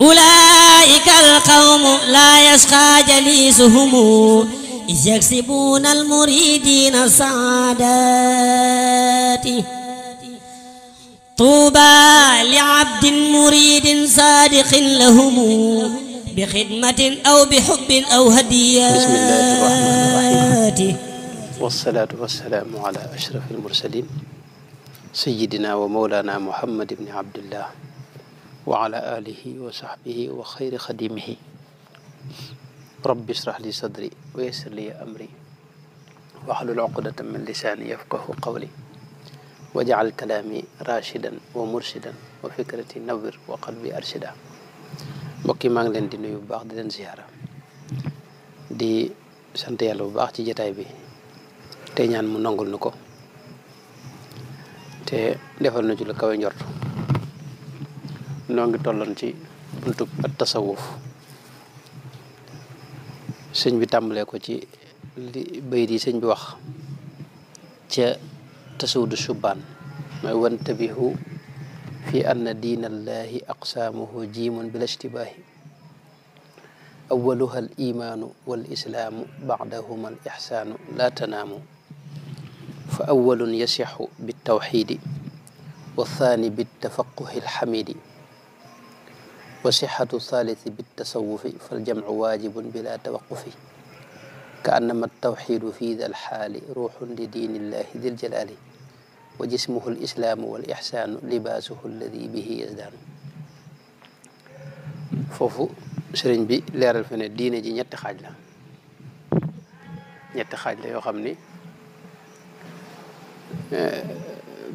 أولئك القوم لا يشقى جليسهم إذ يكسبون المريدين سعادات طوبى لعبد مريد صادق لهم بخدمة أو بحب أو هدية بسم الله الرحمن الرحيم والصلاة والسلام على أشرف المرسلين سيدنا ومولانا محمد بن عبد الله وعلى آله وصحبه وخير خديمه رب اشرح لي صدري ويسر لي أمري واحلل العقدة من لساني يفقه قولي وجعل كلامي راشدا ومرشدا وفكرتي نور وقلبي أرشدا بكي ما نلين دي نيو باق دي زيارة دي سنتي يالو باق تي جتاي بي تي نيان مو نونغول نكو تي ديفال نجو لكاوي نيورتو noo ngi tolloon ci buntu ak tasawuf sëñ bi tàmbalee ko ci li bayit di sëñ bi wax ca tasawudu subaan mooy tabihu fi anna diina allahi aqsaamuhu jiimun bila ishtibaahi awaluha al imaanu wal islaamu baadahuma al ixsaanu laa tanaamu fa awalun yasixu bitawxidi والثاني بالتفقه الحميدي وصحة الثالث بالتصوف فالجمع واجب بلا توقف كأنما التوحيد في ذا الحال روح لدين الله ذي الجلال وجسمه الإسلام والإحسان لباسه الذي به يزدان فوفو سرين بي لير الفن الدين جي ji ñetti xaaj la ñetti xaaj la yoo xam ni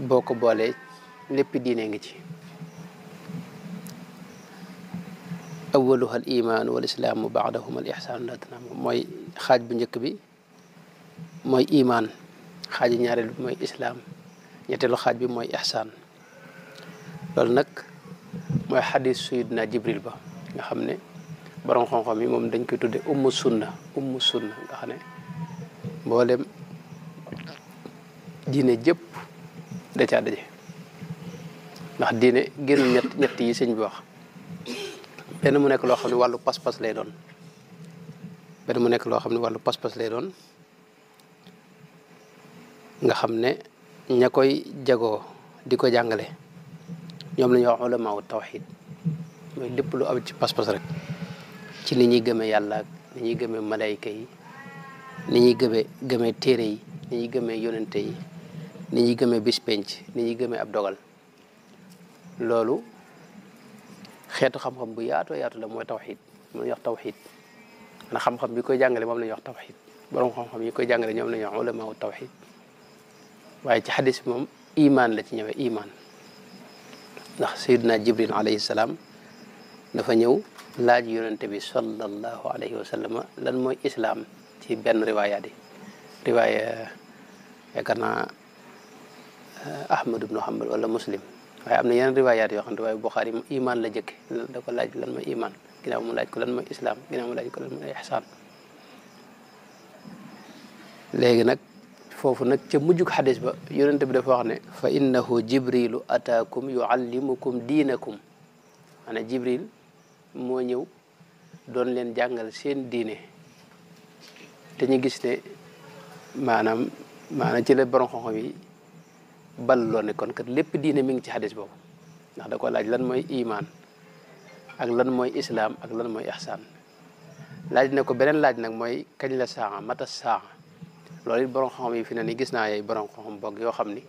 boo ko awaluha al imaanu wal islaamu baadahuma al ihsaanu la tanam mooy xaaj bu njëkk bi mooy imaan xaaju ñaareel bi mooy islaam ñetteelu xaaj bi mooy ihsaan loolu nag mooy xadis suyidna jibril ba nga xam ne borom xam-xam yi moom dañ koy tudde ummu sunna ummu sunna nga xam ne mboolem diine jëpp da caa daje ndax diine génn ñett yi sëñ bi benn mu nekk loo xam ne wàllu pas-pas lay doon benn mu nekk loo xam ne wàllu pas-pas lay doon nga xam ne ña koy jagoo di ko jàngale ñoom la ñuy wax ulama wu mooy lépp lu am ci pas-pas rek ci ni ñuy gëmee yàlla ak ni ñuy gëmee malayka yi ni ñuy gëmee gëmee téere yi ni ñuy gëmee yonente yi ni ñuy gëmee bis penc ni ñuy gëmee ab dogal loolu xeetu xam-xam bu yaatoo yaatu la mooy tawxiid moom la ñuy wax tawxiid na xam-xam bi koy jàngale moom la ñuy wax tawxiid borom xam-xam yi koy jàngale ñoom la ñuy wax ulamaawu tawxiid waaye ci xadis bi moom imaan la ci ñëwee imaan ndax sayyidina jibril alayhi salaam dafa ñëw laaj yonente bi sallallahu alayhi wa sallam lan mooy islaam ci benn riwaayaat yi riwaaya yaakaar naa eh, ahmad ibnu hambal wala muslim waaye am na yeneen riwaayaat yoo xam ne waaye Buxaari imaan la jëkke da laaj lan ma imaan ginnaaw mu laaj ko lan mooy islaam ginnaaw mu laaj ko lan mooy ixsaan nag foofu nag ca mujjug xadis ba yonente bi dafa wax ne fa innahu jibrilu ataakum yuallimukum diinakum maanaam jibril moo ñëw doon leen jàngal seen diine te ñu gis ne maanaam maanaam ci la borom xam yi balloo ne kon kat lépp diine mi ngi ci xadis boobu ndax da ko laaj lan mooy imaan ak lan mooy islaam ak lan mooy ihsaan laaj na ko beneen laaj nag mooy kañ la saaxa mata saaxa loolu it borom xam-xam yi fi ne ni gis naa yooyu borom xam-xam boog yoo xam ni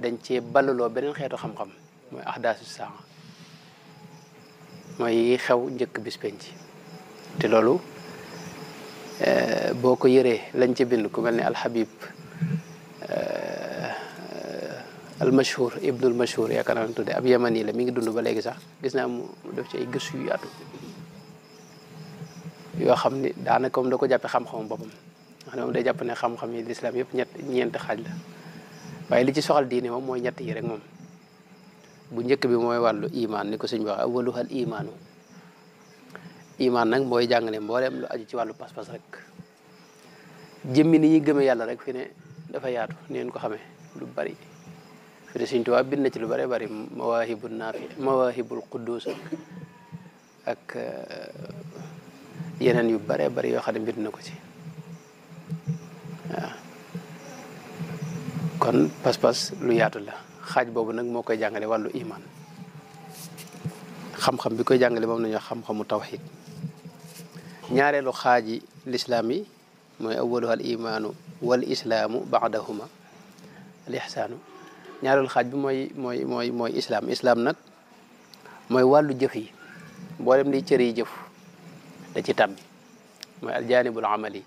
dañ cee ballaloo beneen xeetu xam-xam mooy ahdaasu saaxa mooy yi xew njëkk bis penc te loolu eh, boo ko yëree lañ ci bind ku mel ni alxabib eh, al mashhur ibnul mashhur yaakaar naa tudde ab yamani la mi ngi dund ba léegi sax gis naa mu def ci ay gëstu yu yaatu yoo xam ni daanaka comme da ko jàppe xam-xamam boppam xam ne moom jàpp ne xam-xam yi yëpp ñett ñeent xaaj la li ci soxal diine moom mooy ñett yi rek moom bu njëkk bi mooy wàllu iman ni ko suñ waxee awaluhal imaanu imaan nag mooy jàngale mbooleem lu aju ci wàllu pas-pas rek jëmmi ni ñuy gëmee yàlla rek fi ne dafa yaatu neen ko xamee lu bari fi de Sëriñ bind na ci lu bare bari mawaahibul naafi mawaahibul quddus ak yeneen yu bare bari yoo xam ne bind na ko ci kon pas-pas lu yaatu la xaaj boobu nag moo koy jàngale wàllu iman xam-xam bi koy jàngale moom nañu xam-xamu tawxid ñaareelu xaaji lislaam yi mooy awaluha al wal islaamu baadahuma al ihsaanu ñaareelu xaaj bi mooy mooy mooy mooy islaam islaam nag mooy wàllu jëf yi mboolem liy cër yi jëf da ci tàbbi mooy aljaanibul amal yi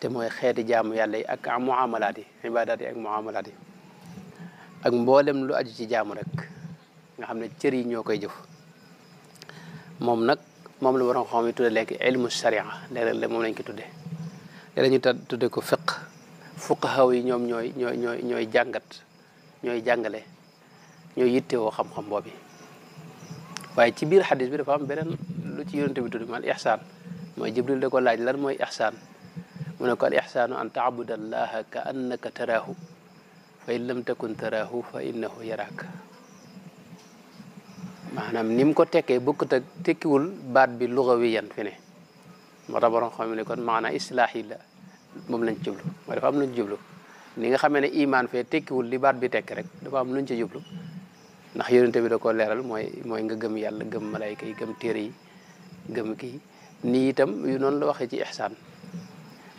te mooy xeeti jaamu yàlla yi ak muamalaat yi ibaadaat yi ak ak mboolem lu aju ci jaamu rek nga xam ne cër yi ñoo koy jëf moom nag moom la waroon xam yi tudde lekk ilmu sharia leen léeg moom lañ ko tudde léeg-léeg ñu tudde ko fiq fuqahaw yi ñoom ñooy ñooy ñooy ñooy jàngat ñoy jàngale ñoy yitte yittewoo xam-xam boobi waaye ci biir xadis bi dafa am beneen lu ci yonente bi tudd al ixsaan mooy jibril da ko laaj lan mooy ixsaan mu ne ko al ixsaanu an allaha ka annaka taraahu fa in lam takun taraahu fa innahu yaraak maanaam ni mu ko tekkee bokkut ak tekkiwul baat bi lugawiyan fi ne moo tax borom xam ne kon maana islaahi la moom lañ jublu mooy dafa am luñ jublu ni nga xamé né iman fee tekkiwul li baat bi tekk rek dafa am luñ ci yublu ndax yoonte bi da ko léral moy tiri, nga gëm yalla gëm malaika yi gëm téré yi gëm ki ni itam yu non la waxé ci ihsan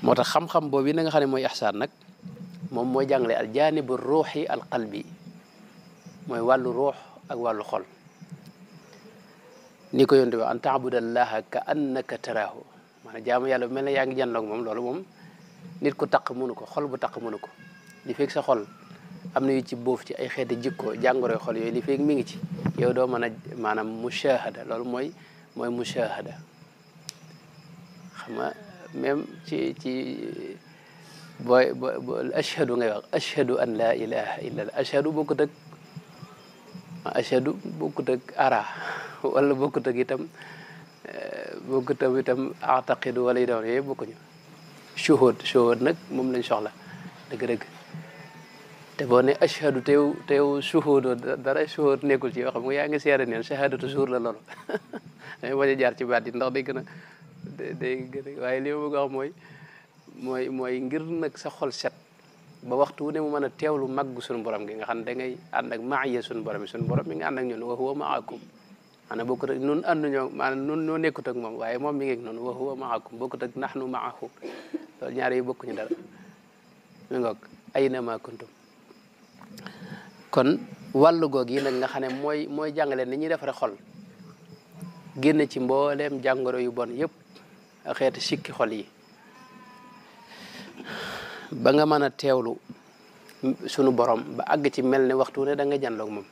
motax xam-xam bobu nga xamné moy ihsan nak mom moy jangalé al jaanibu ruhi al qalbi moy walu ruh ak walu xol ni ko yonte bi an ka annaka tarahu man jaamu yalla bu yaangi jandok mom ngi mom nit ku tak munuko xol bu tak munuko li fek sa xol amna yu ci boof ci ay xeeti jikko jangoro xol yoy li fek mi ngi ci yow do mën manam mushahada loolu moy moy mushahada xama même ci ci al ashhadu ngay wax ashhadu an la ilaha illa al ashhadu ashhadu ara wala bokkut ak itam eh, bokkut ak itam ataqidu wala yi doon yooyu shuhud shuhud nak mom lañ soxla deug deug te boo ne ashhadu teew teew suhuud dara suhuud nekkul ci yoo xam nga yaa ngi seere neen shahadatu suur la loolu day bañ a jaar ci baat yi ndax waaye li mooy mooy mooy ngir nag sa xol set ba waxtu wu ne mu mën a lu màgg suñu borom gi nga xam ne da ngay ànd ak maaya suñu borom yi suñu borom mi nga ànd ak ñun wa huwa maakum maanaam bokkut ak nun ànduñoo nun ñoo nekkut ak moom waaye moom mi nga ak noonu wa huwa maakum bokkut ak nahnu maahu loolu ñaar yi bokkuñu dara mi ngoog aynama kuntum kon wàllu goog yi nag nga xam ne mooy mooy jàngale ni ñuy defare xol génn ci mbooleem jàngoro yu bon yëpp ak xeeti sikki xol yi ba nga mën a teewlu sunu boroom ba àgg ci mel ne waxtu ne da nga janloog moom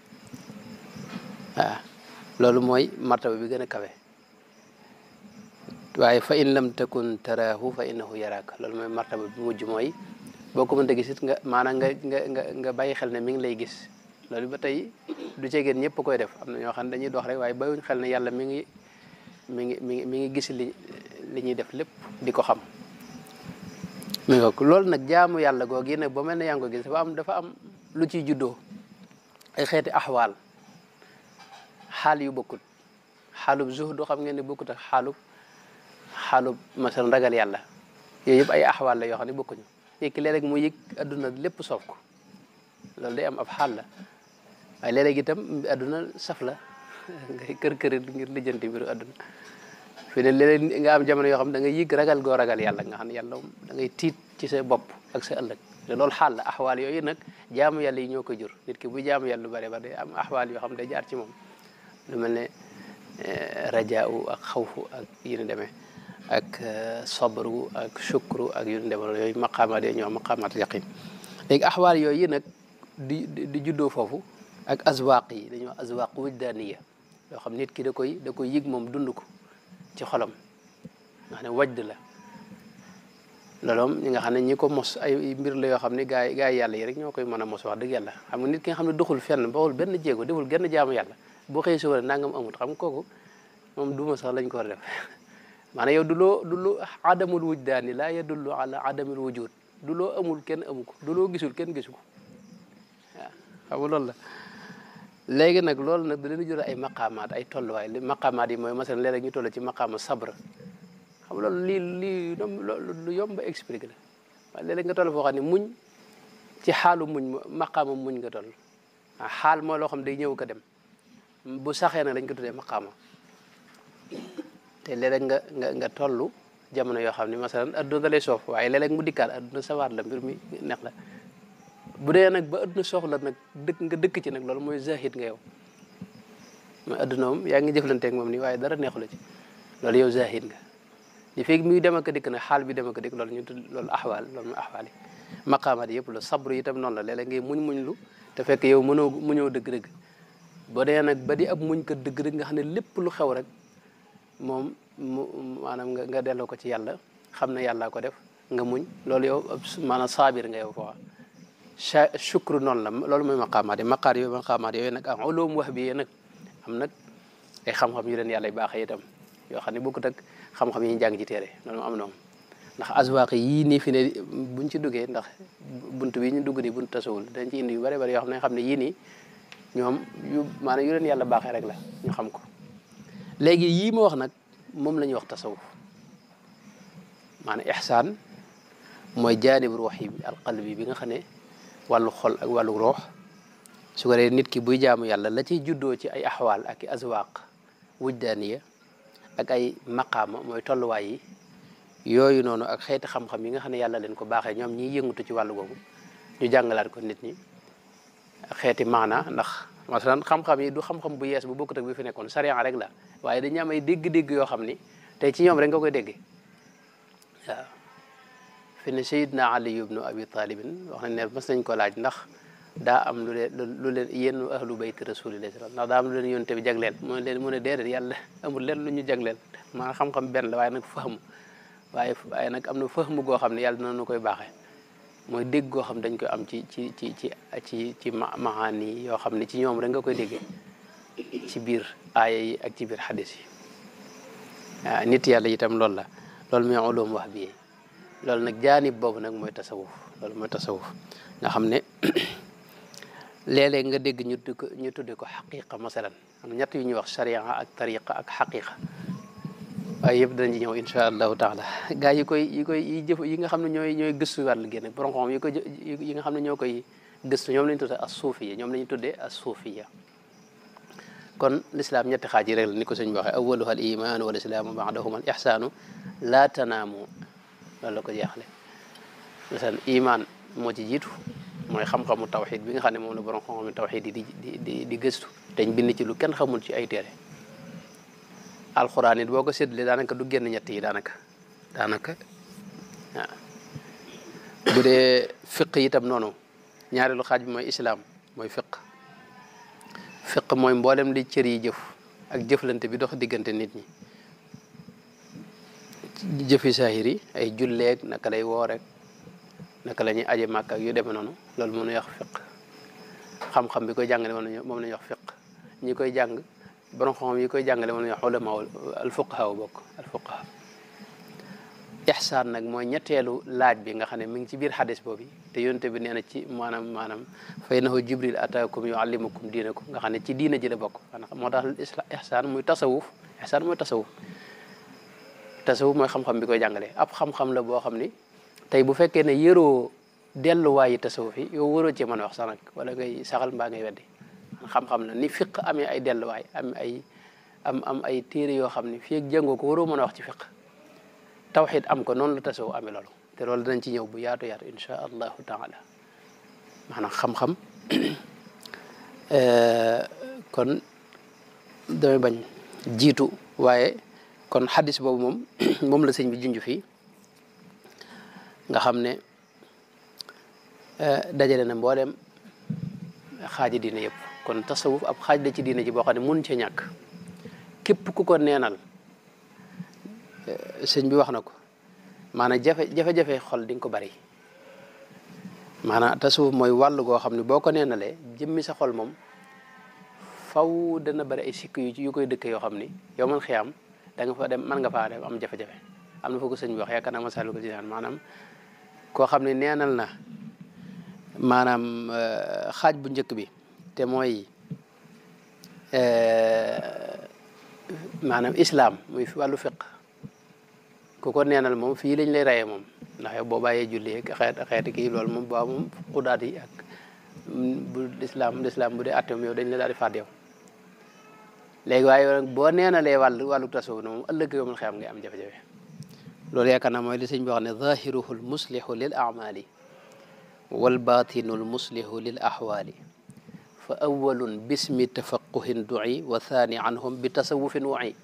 waaw loolu mooy martaba bi gën a kawe waaye fa in lam takun taraahu fa innahu yaraak loolu mooy martaba bi mujj mooy boo ko mënta gis nga maanaam nga nga nga nga bàyyi xel ne mi ngi lay gis loolu ba tey du ceegeen ñépp koy def am na ñoo xam ne dañuy dox rek waaye bàyyiwuñ xel ne yàlla mi ngi mi ngi mi mi ngi gis li li ñuy def lépp di ko xam mi loolu nag jaamu yàlla googu nag boo mel ne yaa ngi ko gis dafa am dafa am lu ciy juddoo ay xeeti axwaal xaal yu bokkut xaalub zuhdu xam ngeen ne bokkut a xaalub xaalub masalan ragal yàlla yooyu yëpp ay axwaal la yoo xam ne bokkuñu yëkki leleg mu yëg aduna lepp soof ko lolou day am ab xaal la ay leleg itam aduna saf la ngay keur keur ngir lijeenti mbiru aduna fi ne leleg nga am jamono yo xam da ngay yëg ragal go ragal yalla nga xam yalla da ngay tit ci sa bop ak sa ëlëk da loolu xaal la axwaal yooyu nak jaamu yalla yi ñoko jur nit ki bu jaamu yalla bari bari am ahwal yo xam da jaar ci mom lu melne ne ak khawfu ak yene demee ak euh, sabru ak shukru ak yu demal yooyu maqaamaat yooyu ñoo maqaamaat yaqin léegi axwaal yooyu nag di di juddoo foofu ak azwaq yi dañuy wax azwaq wajdaaniya yoo xam nit ki da koy da koy yëg moom dund ko ci xolam nga xam ne wajd la looloom ñi nga xam ne ñi ko mos ay mbir la yoo xam ne gaa yi gaa yi yàlla rek ñoo koy mën a mos wax dëgg yàlla xam nga nit ki nga xam ne doxul fenn baxul benn jéego deful genn jaamu yàlla boo xëy suba nangam amul xam nga kooku moom duma sax lañ ko war mana yow ya dulu dulo adamul wujdan la yadullu ala adamil wujud dulo amul ken amuko dulo gisul ken gisuko ko ya, waaw la léegi nak lol nak da leen jural ay maqamat ay tollu way maqamat yi moy masal léeg ñu tollu ci maqamu sabr xam li lii lii lu yomb expliquer la waaye léeg nga tollu fo xani muñ ci halu muñ maqamu muñ nga tollu hal ah, mo lo xam day ñew ko dem bu saxé nak lañ ko maqama te léeg nga nga nga toll jamono yoo xam ne masalan adduna da lay soof waaye léeg-léeg mu dikkaat adduna sawaat la mbir mi neex la bu dee nag ba adduna soof la nag dëkk nga dëkk ci nag loolu mooy zahid nga yow mooy adduna moom yaa ngi jëflanteeg moom nii waaye dara neexu la ci loolu yow zahid nga li feeg muy dem ak dikk nag xaal bi dem ak dikk loolu ñu tudd loolu axwaal loolu mooy axwaal yëpp la sabru itam noonu la léeg-léeg muñ muñ lu te fekk yow mënoo muñoo dëgg-dëgg boo dee nag ba di ab muñ ko dëgg-dëgg nga xam ne lépp lu xew rek moom mu maanaam nga delloo ko ci yàlla xam na yàllaa ko def nga muñ loolu yow maanaam saabir nga yow quoi cha chukru noonu la lool mooy maqaamaat yi maqaar yooyu maqaamaat yooyu nag am ulum a bi nag am nag ay xam-xam yu leen yàlla baaxee itam yoo xam ne bokkut ak xam-xam yi ñu jàng ci téere loolu am noom ndax aswaaq yii nii fi ne buñ ci duggee ndax bunt bi ñu dugg nii bunt tasawul dañ ci indi yu bëri bëri yoo xam ne xam ne yii nii ñoom yu maanaam yu leen yàlla baaxee rek la ñu xam ko léegi yii ma wax nag moom la wax tasawuf maanaam ihsaan mooy jaanib ruux yi alqalbi bi nga xam ne wàllu xol ak wàllu ruux su ko nit ki buy jaamu yàlla la ciy juddoo ci ay axwaal ak i aswaaq wujdaaniya ak ay maqaama mooy tolluwaay yi yooyu noonu ak xeeti xam-xam yi nga xam ne yàlla leen ko baaxee ñoom ñiy yëngatu ci wàllu googu ñu jàngalaat ko nit ñi xeeti maana ndax masalan xam-xam yi du xam-xam bu yees bu bokkut ak bi fi nekkoon sariya rek la waaye dañu am ay dégg-dégg yoo xam ni tey ci ñoom rek nga koy dégg waaw fi ne sayidna ali ibnu abi talibin wax nañ ne mas nañ ko laaj ndax daa am lu leen lu leen yéen ahlu bayt rasulillah ndax daa am lu leen yonte bi jagleel mu ne leen mu ne déedéet yàlla amul leen lu ñu jagleel maa xam-xam benn la waaye nag fahmu waaye waaye nag am na fahmu goo xam ne yàlla dina nu koy baaxee moy deg go xam dañ koy am ci ci ci ci ci ci mahani yo xamni ci ñoom rek nga koy degge ci bir aya yi ak ci bir hadith yi ah, nit yalla itam lool la lool mi ulum wax bi lool nak jaanib bobu nak moy tasawuf lool moy tasawuf nga xamne lele nga deg ñu tudd ko ñu ko xaqiqa masalan am ñatt yu ñu wax sharia ak tariqa ak haqiqa waaye yëpp dañ ci ñëw incha allahu taala gaa yi koy yi koy yi yi nga xam ne ñooy ñooy gëstu wàllu génn borom xam yi ko yi nga xam ne ñoo koy gëstu ñoom la to tuddee as suufiya ñoom la ñu tuddee as suufiya kon lislaam ñetti xaaj yi rek la ni ko sëñ bi waxee awaluha al imaanu wal islaamu baadahuma al ixsaanu laa tanaamu loolu la ko jeexle lisan iman moo ci jiitu mooy xam-xamu tawxid bi nga xam ne moom la borom xam-xamu tawxid yi di di di gëstu dañ bind ci lu kenn xamul ci ay téere alquran it boko sedle danaka du genn ñett yi danaka daanaka bu de fiqh itam nono ñaari lu xajj moy islam moy fiqh fiqh moy mboolem li cëri jëf ak jëflante bi dox diggante nit ñi jëfi sahiri ay ay ak naka lay rek naka la aje màkk ak yu dem noonu loolu mënu wax fiqh xam-xam bi koy jàngale moom la ñuy wax fiqh ñi koy jàng borom xam yi koy jàngale moom la ñuy wax ulama bokk alfuqaha ihsaan nag mooy ñetteelu laaj bi nga xam ne mi ngi ci biir xadis boobu te yonte bi nee na ci maanaam maanaam fa innahu jibril ataakum yuallimukum diinakum nga xam ne ci diina ji la bokk moo tax ihsaan muy tasawuf ihsaan mooy tasawuf tasawuf mooy xam-xam bi koy jàngale ab xam-xam la boo xam ni tey bu fekkee ne yëroo delluwaayi tasawuf yi yow waroo cee mën a wax sax wala ngay saxal mbaa ngay weddi xam-xam la ni fiq amee ay delluwaay am ay am am ay téere yoo xam ne fii ak jàngoo ko waroo mën a wax ci fiq tawxid am ko noonu la tasawuf amee loolu te loolu danañ ci ñëw bu yaatu yaatu insha allahu taala maanaam xam-xam kon damay bañ jiitu waaye kon xadis boobu moom moom la sëñ bi junj fii nga xam ne dajale na mboolem xaaji dina yëpp kon tasawuf ab xaaj la ci diine ji boo xam ne mun ca ñàkk képp ku ko neenal eh, sëñ bi wax na ko maanaam jafe jafe-jafe xol di nga ko bari maanaam tasawuf mooy wàll goo xam ne boo ko neenalee jëmmi sa xol moom faw dana bari ay sikk yu yu koy dëkk yoo xam ni yow man xiyam da nga fa dem man nga faa dem am jafe-jafe am na fa ko sëñ bi wax yaakaar naa masalu ko ci naan maanaam koo neenal na maanaam eh, xaaj bu njëkk bi te mooy eh, maanaam islam muy wàllu fiq ku ko neenal moom fii lañ lay raye moom ndax yow boo bàyyee julli ak xeet xeet kii loolu moom baa moom xudaat yi ak bu lislaam lislaam bu dee atteem yow dañ la daal di fàtt yow léegi waaye boo boo neenalee wàllu wàllu tasawuf na moom ëllëg yomul xeyam ngay am jafe-jafe loolu yaakaar naa mooy li sëñ bi wax ne zahiruhu l muslihu lil amali wal batinu l muslihu lil ahwali فأول باسم تفقه دعي وثاني عنهم بتصوف وعي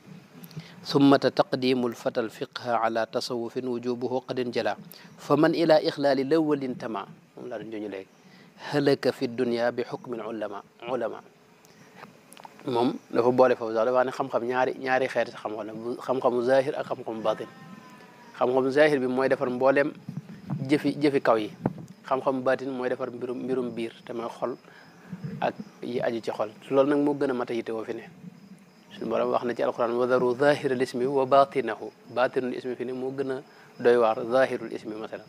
ثم تتقديم الفتى الفقه على تصوف وجوبه قد انجلى فمن إلى إخلال الأول انتمى هلك في الدنيا بحكم علماء علماء موم دا فا بولي فا زال واني خم خم نياري نياري خير خم خم خم خم ظاهر اك خم باطن خم خم ظاهر بي موي دافار مبولم جيفي جيفي خم خم باطن موي دافار ميروم بير تما خول ak yi aju ci xol loolu nag moo gën a mat a yitewoo fi ne suñu borom wax na ci alquran wa daru zahirul ismi wa batinahu batinul ismi fi ne moo gën a doy waar zahirul ismi masalan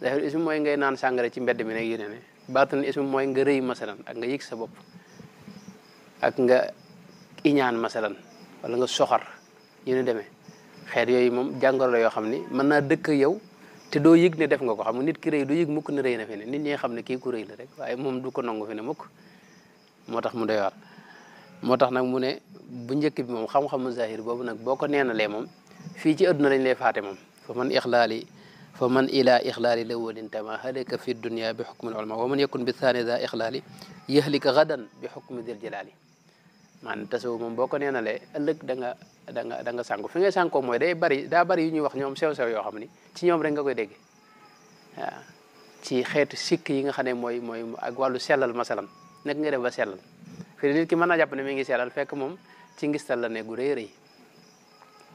zahirul ismi mooy ngay naan sàngara ci mbedd mi nag yéne ne batinul ismi mooy nga rëy masalan ak nga yëg sa bopp ak nga iñaan masalan wala nga soxar yu ne deme xeet yooyu moom jàngoro yoo xam ni mën naa dëkk yow te doo yëg ne def nga ko xam nit ki rëy du yëg mukk ne rëy na fi ne nit ñi xam ne kii ku rëy la rek waaye moom du ko nangu fi ne mukk moo tax mu doy waar moo tax nag mu ne bu njëkk bi moom xam-xamu zahir boobu nag boo ko neenalee moom fii ci adduna lañ lay faate moom fa man ixlaali fa man ila ixlaali la walin tama halika fi dunia bi xukmi al ulama wa man yakun bi thani za ixlaali yahlika gadan bi xukmi dil jalaali maanaam tasawu moom boo ko neenalee ëllëg da nga da nga da nga sànku fi ngay sànkoo mooy day bari daa bari yu ñuy wax ñoom sew-sew yoo xam ni ci ñoom rek nga koy dégg waaw ci xeetu sikk yi nga xam ne mooy mooy ak wàllu sellal masalan nekk nga def ba sellal ki mën naa jàpp ne mi ngi sellal fekk moom ci ngistal la ne gu rëy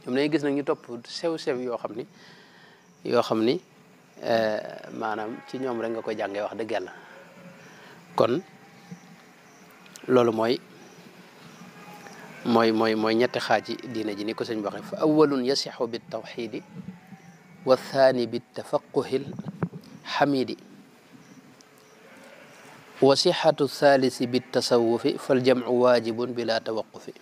ñoom dañuy gis nag ñu topp sew-sew yoo xam ni yoo xam ni eh, maanaam ci ñoom rek nga koy jàngee wax dëgg yàlla kon loolu mooy mooy mooy mooy ñetti xaaji diine ji ni ko sëñ bi waxee fa awalun yasixu bi tawxidi wa thaani bi tafaquhil xamidi wa sixatu thalisi bi tasawufi fal jamcu waajibun bila tawaqufi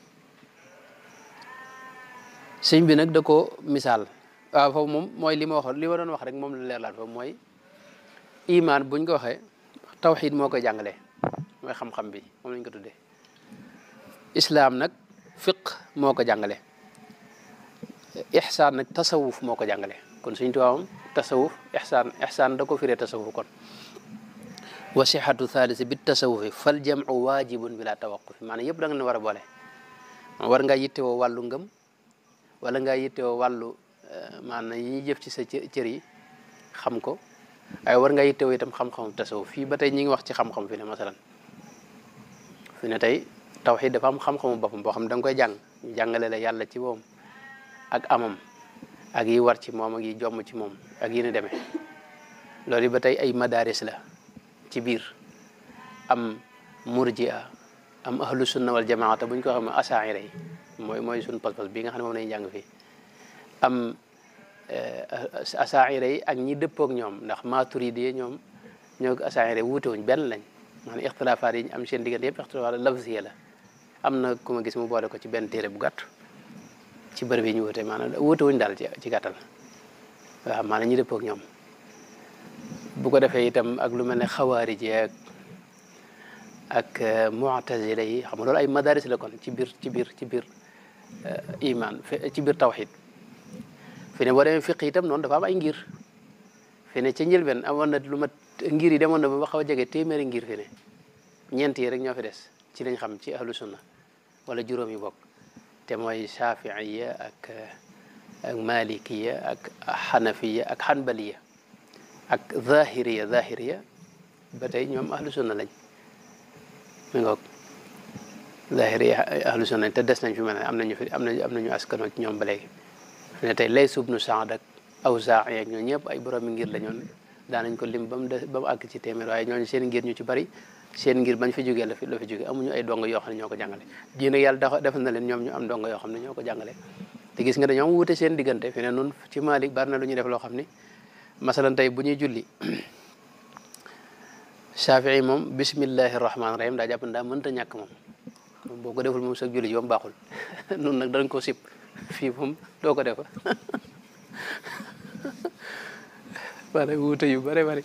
sëñ bi nag da ko misaal waaw ah, foofu moom mooy li ma waxoon li ma doon wax rek moom la leerlaat foofu mooy imaan buñ ko waxee tawxid moo koy jàngale mooy xam-xam bi moom lañ ko tuddee islaam nag fiq moo ko jàngale ixsaan na tasawuf moo ko jàngale kon suñ tubaabam tasawuf ixsaan ixsaan da ko firee tasawuf kon wa sixatu thalisi bi tasawufi fal jamcu waajibun bila tawaqufi maanaam yëpp da nga ne war a boole war ngaa yittewoo wàllu ngëm wala ngaa yittewoo wàllu eh, maanaam yi ñuy jëf ci sa cër yi xam ko waaye war ngaa yittewoo itam xam-xamu tasawuf fii ba tey ñi ngi wax ci xam-xam fi ne masalan fi ne tey tawxiid dafa am xam-xamu boppam boo xam ne danga koy jàng jàngale la yàlla ci moom ak amam ak yi war ci moom ak yi jomm ci moom ak yi ni demee loolu yi ba tey ay madaris la ci biir am murjia am ahlu sunna wal jamaata bu ñu ko xam ne asaira mooy mooy suñu pas-pas nga xam ne moom lañu jàng fii am eh, asaira yi ak ñi dëppook ñoom ndax maturidi ñoom ñook ko asaira yi wuute wuñ benn lañ maanaam ixtilaafaat yi am seen diggante yëpp ixtilaafaat lafziya la amna kuma gis mu boole ko ci ben téré bu gàtt ci bër bi ñu wute maanaam wuté wuñ dal ci gàttal waaw maanaam ñi depp ak ñom bu ko defee itam ak lu melni khawarij ak ak eh, mu'tazila yi xam lool ay madaris la kon ci bir ci bir ci bir eh, iman ci bir tawhid fi ne boo demee itam non dafa am ay ngir fi ne ca njëlbeen amoon na lu ma ngir yi demoon ba xawa jégué téméré ngir fi ne yi rek ñofi dess ci lañ xam ci ahlus sunna wala juróomi bokk te mooy shafiiya ak ak malikiya ak xanafiya ak xanbaliya ak zahiriya zahiriya ba tey ñoom ahlu sunna lañ mi ngoog zahiriya ahlu sunna lañ te des nañ fi mel ne am nañu fi am nañu am nañu askanoo ci ñoom ba léegi ne tey lay sub nu saad ak awsaax yeeg ñoo ñëpp ay boroomi ngir la ñoon daanañ ko lim ba mu des ba mu àgg ci téeméer waaye ñooñu seen ngir ñu ci bari seen ngir bañ fi jógee la fi la fi jógee amuñu ay dongo yo xamni ñoko ñoo ko yalla dafa def na leen ñom ñu am dongo yo xamni ñoko ñoo ko te gis nga dañu wuté seen digënté fi ne nun ci Malik barna na lu ñuy def lo xamni masalan tay bu ñuy julli Shafii mom bismillahir rahmanir rahim da japp nda mën ta ñak mom moom deful mom sax julli baxul nun nak dañ ko sip fi mom do ko defa bare wuté yu bare bare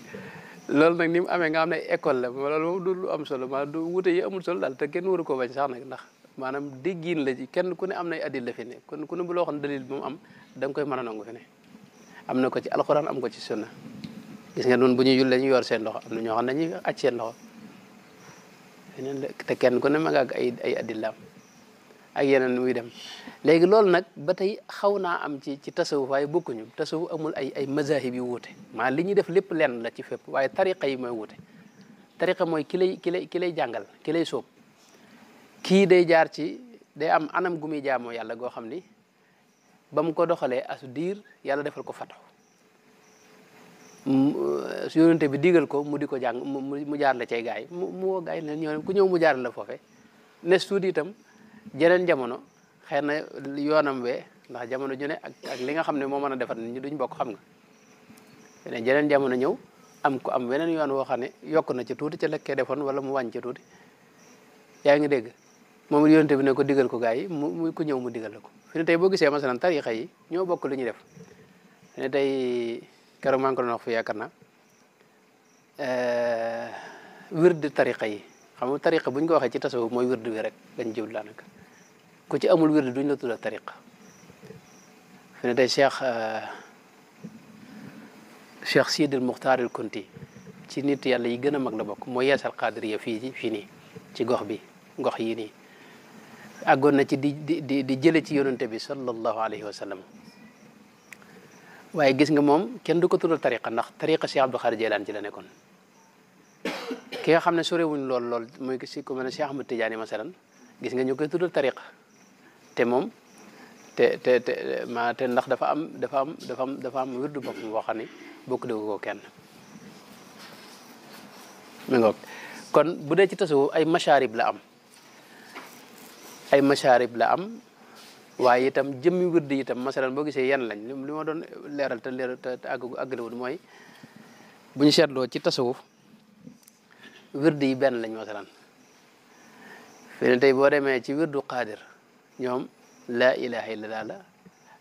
loolu nag ni mu amee nga xam ne école la loolu moom du lu am solo maanaam du wute yi amul solo daal te kenn waru ko bañ sax nag ndax maanaam déggiin la kenn ku ne am na adil la fi ne kon ku ne bu loo xam dalil bu mu am da koy mën a nangu fi ne am na ko ci alxuraan am ko ci sunna gis nga noonu bu ñu yul la ñu yor seen loxo am na ñoo xam ne dañuy aj seen loxo te kenn ku ne ma nga ak ay ay adillaam ak yeneen muy dem léegi loolu nag ba tey xaw naa am ci ci tasawuf waaye bokkuñu tasawuf amul ay ay mazahib yu wuute maanaam li ñuy def lépp lenn la ci fépp waaye tariqa yi mooy wuute tariqa mooy ki lay ki jàngal kilay lay kii day jaar ci day am anam gu muy jaamoo yàlla goo xam ni ba mu ko doxalee as diir yàlla defal ko fataw yonente bi digal ko mu di ko jàng mu jaar la cay gaay mu mu woo gaay ne ñoo ku ñëw mu jaar la foofe ne suudi itam jeneen jamono xeyna na yoonam wee ndax jamono ju ne ak ak li nga xamne mo meuna defal a duñ bokk xam nga ene jeneen jamono ñew am ku am wenen yoon wo xane yok na ci tuti ci lekke defon wala mu wañ ci tuti yaa ngi deg momu yonte bi ne ko diggal ko gaay mu ku ñew mu diggal la ko fi tay bo gisee masalan tarixa yi ñoo bokk lu ñuy def ene tay tey man ko no wax fi yaakaar naa euh, wird yi xam nga tarixa ko waxe ci tasawu moy wird wi rek lañ jublu daanaka ku ci amul wird duñ la tudda tariqa fi ne tey cheikh euh, cheikh sidil muxtaar al kunti ci nit yàlla yi gën a mag la bokk mooy yeesal qaadiriya fii ci fii nii ci gox bi gox yii nii àggoon na ci di di di jële ci yonante bi sallallahu alayhi wa sallam waaye gis nga moom kenn du ko tuddal tariqa ndax tariqa Cheikh Abdou Khadre Jeylaan ci la nekkoon ki nga xam ne sorewuñ lool lool mooy si ku mel ne Cheikh Ahmad Tidiane masalan gis nga ñu koy tuddal tariqa te moom te te te ma te ndax dafa am dafa am dafa am dafa am wirdu boppam boo xam ne bokk dëgg ko kenn mi ngoog kon bu dee ci tasawuf ay masharib la am ay masharib la am waaye itam jëmmi wird yi itam masalan boo gisee yan lañ li ma doon leeral te leeral te àgg àggalewul mooy bu ñu seetloo ci tasawuf wird yi benn lañ masalan fi ne tey boo demee ci wirdu qaadir ñoom laa ilaha illallah la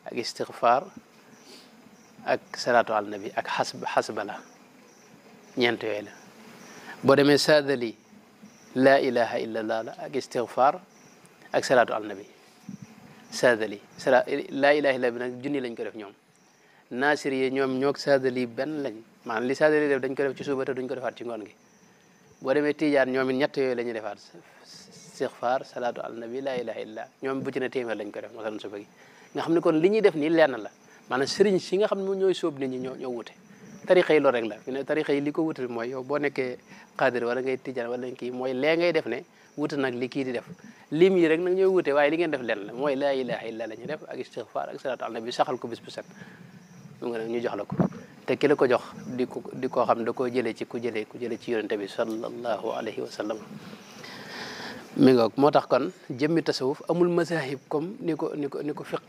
ak istixfaar ak salaatu ala nabi ak xasb xasba la ñeent yooyu la boo demee saadali laa ilaha illallah la ak istixfaar ak salaatu ala nabi saadali sala laa ilaha illallah bi nag junni lañ ko def ñoom naasir yi ñoom ñoog saadali benn lañ maanaam li saadali def dañ ko def ci suba te duñ ko defaat ci ngoon gi boo demee tijaan ñoom it ñett yooyu la ñuy defaat istixfaar salaatu ala nabi laa ilaha illa ñoom bu ci ko def masalan suba gi nga xam ne kon li ñuy def nii lenn la maanaam sëriñ si nga xam ne ñooy sóob nit ñi ñoo ñoo wute tarixa yi loolu rek la yi li ko wutal mooy yow boo nekkee xaadir wala ngay tijaan wala kii mooy lee ngay def ne wuta nag li kii di def lim yi rek nag ñooy wute waaye li ngeen def lenn la mooy laa ilaha illa la ñuy def ak istixfaar ak salaatu ala nabi saxal ko bis bu set mu nga ñu jox la ko te ki la ko jox di ko di koo xam da koo jëlee ci ku jëlee ku jëlee ci yonente bi sallallahu alayhi wa sallam mi nga moo tax kon jëmmi tasawuf amul mazahib comme ni ko ni ko ni ko fiq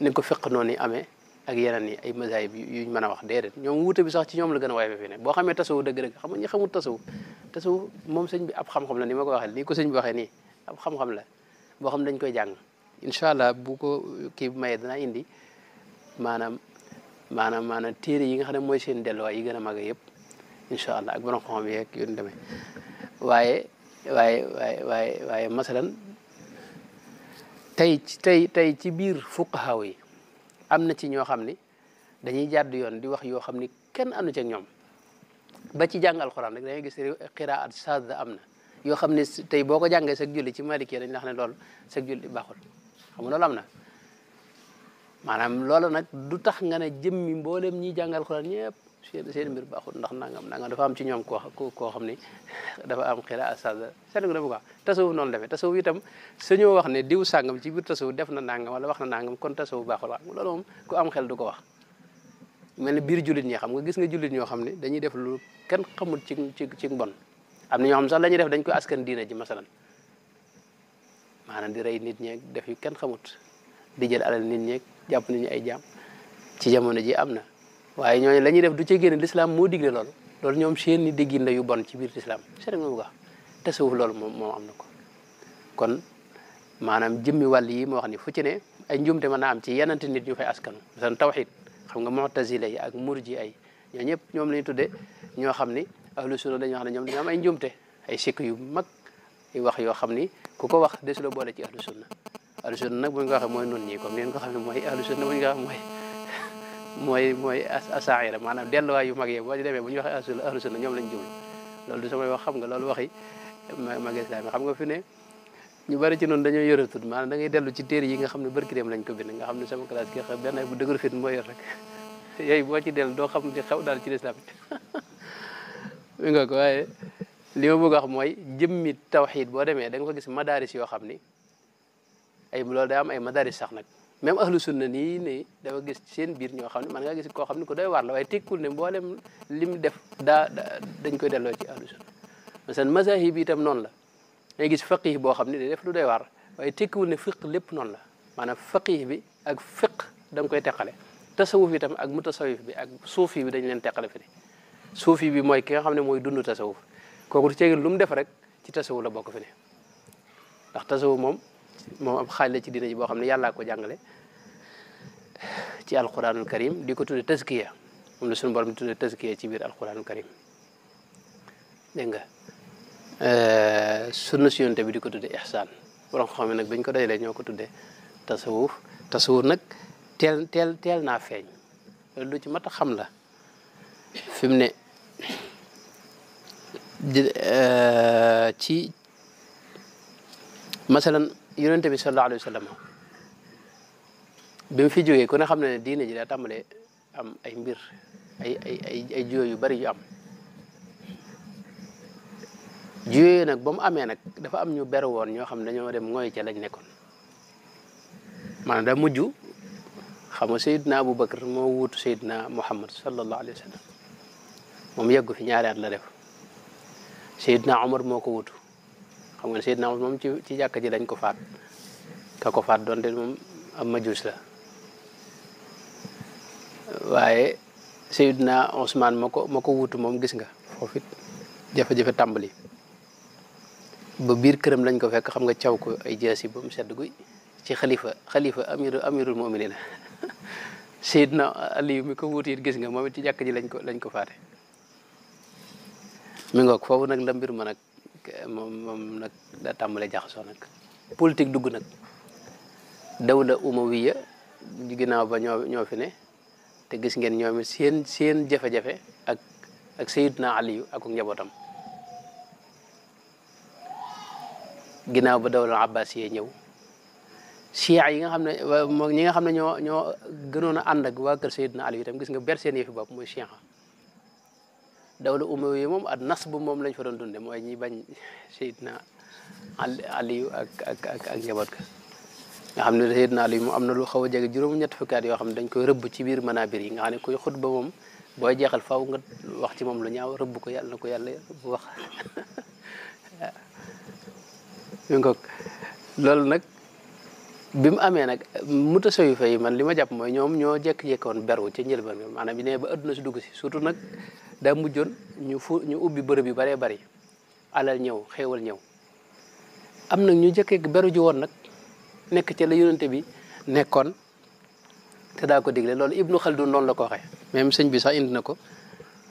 ni ko fiq noonu amee ak yeneen yi ay mazahib yuñ mën a wax déedéet ñoom wuute bi sax ci ñoom la gën a waaye fi ne boo xamee tasawuf dëgg-dëgg xam nga ñi xamul tasawuf moom sëñ bi ab xam-xam la ni ma ko waxee nii ko sëñ bi waxee nii ab xam-xam la boo xam dañ koy jàng incha allah bu ko kii mayee danaa indi maanaam maanaam maanaam téere yi nga xam ne mooy seen delluwaay yi gën a mag yëpp incha allah ak borom xam-xam yeeg yu waaye waaye waaye waaye masalan tey tey tey ci biir fuqahaaw yi am na ci ñoo xam ni dañuy jàdd yoon di wax yoo xam ni kenn anu ci ak ñoom ba ci jàng alxuraan rek dañuy gis xiraat sadd am na yoo xam ne tey boo ko jàngee sag julli ci maliki dañ la xam ne loolu sag julli baaxul xam nga loolu am na maanaam loolu nag du tax nga ne jëmmi mboolem ñiy jàng alxuraan ñëpp seen seen mbir baaxul ndax nangam nangam dafa am ci ñoom koo koo xam ni dafa am xira asaza seetlu nga quoi tasawuf noonu la demee tasawuf itam suñoo wax ne diw sàngam ci biir tasawuf def na nangam wala wax na nangam kon tasawuf baaxul xam loolu moom ku am xel du ko wax mel ne biir jullit ñi xam nga gis nga jullit ñoo xam ne dañuy def lu kenn xamul ci ci ci mbon am na xam sax la ñuy def dañ ko askan diina ji masalan maanaam di rey nit ñeeg def yu kenn xamut di jël alal nit ñeeg jàpp nañu ay jaam ci jamono ji am na waaye ñooñu la ñuy def du ca génn lislaam moo digle lool loolu ñoom seen ni déggin la yu bon ci biir lislaam seen moom nga tasawuf loolu moom moom am na ko kon maanaam jëmmi wàll yi ma wax ni fu ci ne ay njuumte ma na am ci yenante nit ñu fay askanu san tawxid xam nga mu'tazila yi ak murji ay ñoo ñëpp ñoom la ñu tudde ñoo xam ni ahlu sunna dañu wax ne ñoom dañu am ay njuumte ay sikk yu mag yu wax yoo xam ni ku wax desu la boole ci ahlu sunna ahlu sunna nag bu ñu ko waxee ko xam ne mooy ahlu sunna bu ñu mooy mooy asaira maanaam delluwaay yu mag ye boo ci demee bu ñu waxee asul ahlu sunna ñoom lañ jublu loolu du samay wax xam nga loolu waxi mag islam xam nga fi ne ñu bari ci noonu dañoo yoratul maanaam da ngay dellu ci téere yi nga xam ne barki dem lañ ko bind nga xam ne sama classe gi benn bu dëgër fit moo yor rek yooyu boo ci dellu doo xam di xew daal ci lislam mi nga ko waaye li ma bëgg mooy jëmmi tawxiid boo demee da nga fa gis madaris yoo xam ni ay loolu day am ay madaris sax nag même ahlu na nii ne dafa gis seen biir ñoo xam ne man ngaa gis koo xam ne ko doy waar la waaye tekkul ne mboolem lim def daa dañ koy delloo ci ahlu sunna masalan mazahib bi itam noonu la day gis faqih boo xam ne day def lu doy waar waaye tekkiwul ne fiq lépp noonu la maanaam faqih bi ak fiq da koy teqale tasawuf itam ak mutasawif bi ak suufi bi dañ leen teqale fi suufi bi mooy ki nga xam ne mooy dund tasawuf kooku du ceegin lu mu def rek ci tasawuf la bokk fi ne ndax tasawuf moom moom ab xaaj la ci diina ji boo xam ne yàllaa ko jàngale ci alquranul karim di ko tudde taskiya moom la suñu borom di ci biir dégg nga euh, sunna si yonte di ko tudde ihsaan borom xam nag bañ ko dajalee ñoo ko tudde tasawuf tasawuf nag teel teel teel naa feeñ lu ci mat xam la fi ne euh, ci مثلا يونت بي صلى الله عليه وسلم بيم في جوغي كنا خامنا دين جي دا تامالي ام اي مبير اي اي اي, أي جو يو بري ام جوي نك بوم امي نك دا ام نيو بير وون ньо خامنا ньо ديم غوي تي لاج نيكون مان دا موجو خما سيدنا ابو بكر مو سيدنا محمد صلى الله عليه وسلم موم يغو في نياري ات لا سيدنا عمر موكو xam nga Seydina Omar moom ci ci jàkka ji dañ ko faat ka ko faat doonte moom am majuus la waaye Seydina Ousmane ma moom gis nga foofu jafe-jafe tàmbali ba biir këram lañ ko fekk xam nga caw ko ay jaasi ba sedd guy ci xalifa xalifa amiru amirul muminina Seydina Aliyu mi ko wuutu gis nga moom it ci jàkka ji lañ ko lañ ko faate mi ngoog foofu nag la mbir ma nag moom moom nag da tàmbalee jaxasoo nag politique dugg nag dawla umawiya ginnaaw ba ñoo ñoo fi ne te gis ngeen ñoom seen seen jafe-jafe ak ak Seydina Aliyu ak njabootam ginnaaw ba dawla abbasiya ñëw chia yi nga xam ne moom ñi nga xam ne ñoo ñoo gënoon a ànd ak waa kër Seydina Aliyu itam gis nga ber seen yëfi bopp muy chia dawla umawi moom ak nas bu moom lañ fa doon dunde mooy ñi bañ sayidna aliyu ak ak ak ak njaboot ga nga xam ne na aliyu moom am na lu xaw a jege juróom ñett fukkaat yoo xam ne dañ koy rëbb ci biir manabir yi nga xam ne kuy xutba booy jeexal faw nga wax ci moom lu ñaaw rëbb ko yàlla ko yàlla wax nag bi mu amee nag mutaso yu fay man li ma jàpp mooy ñoom ñoo jékki-jékkoon beru ca njëlbeen maanaam ñu ne ba adduna si dugg si surtout nag Dah mujjoon ñu fu ñu ubbi bërëb yu bare bari alal ñëw xéewal ñëw am nung ñu jëkkee beru ji woon nag nekk ci la yonante bi nekkoon te daa ko digle loolu ibnu khaldun noonu la ko waxee même sëñ bi sax indi na ko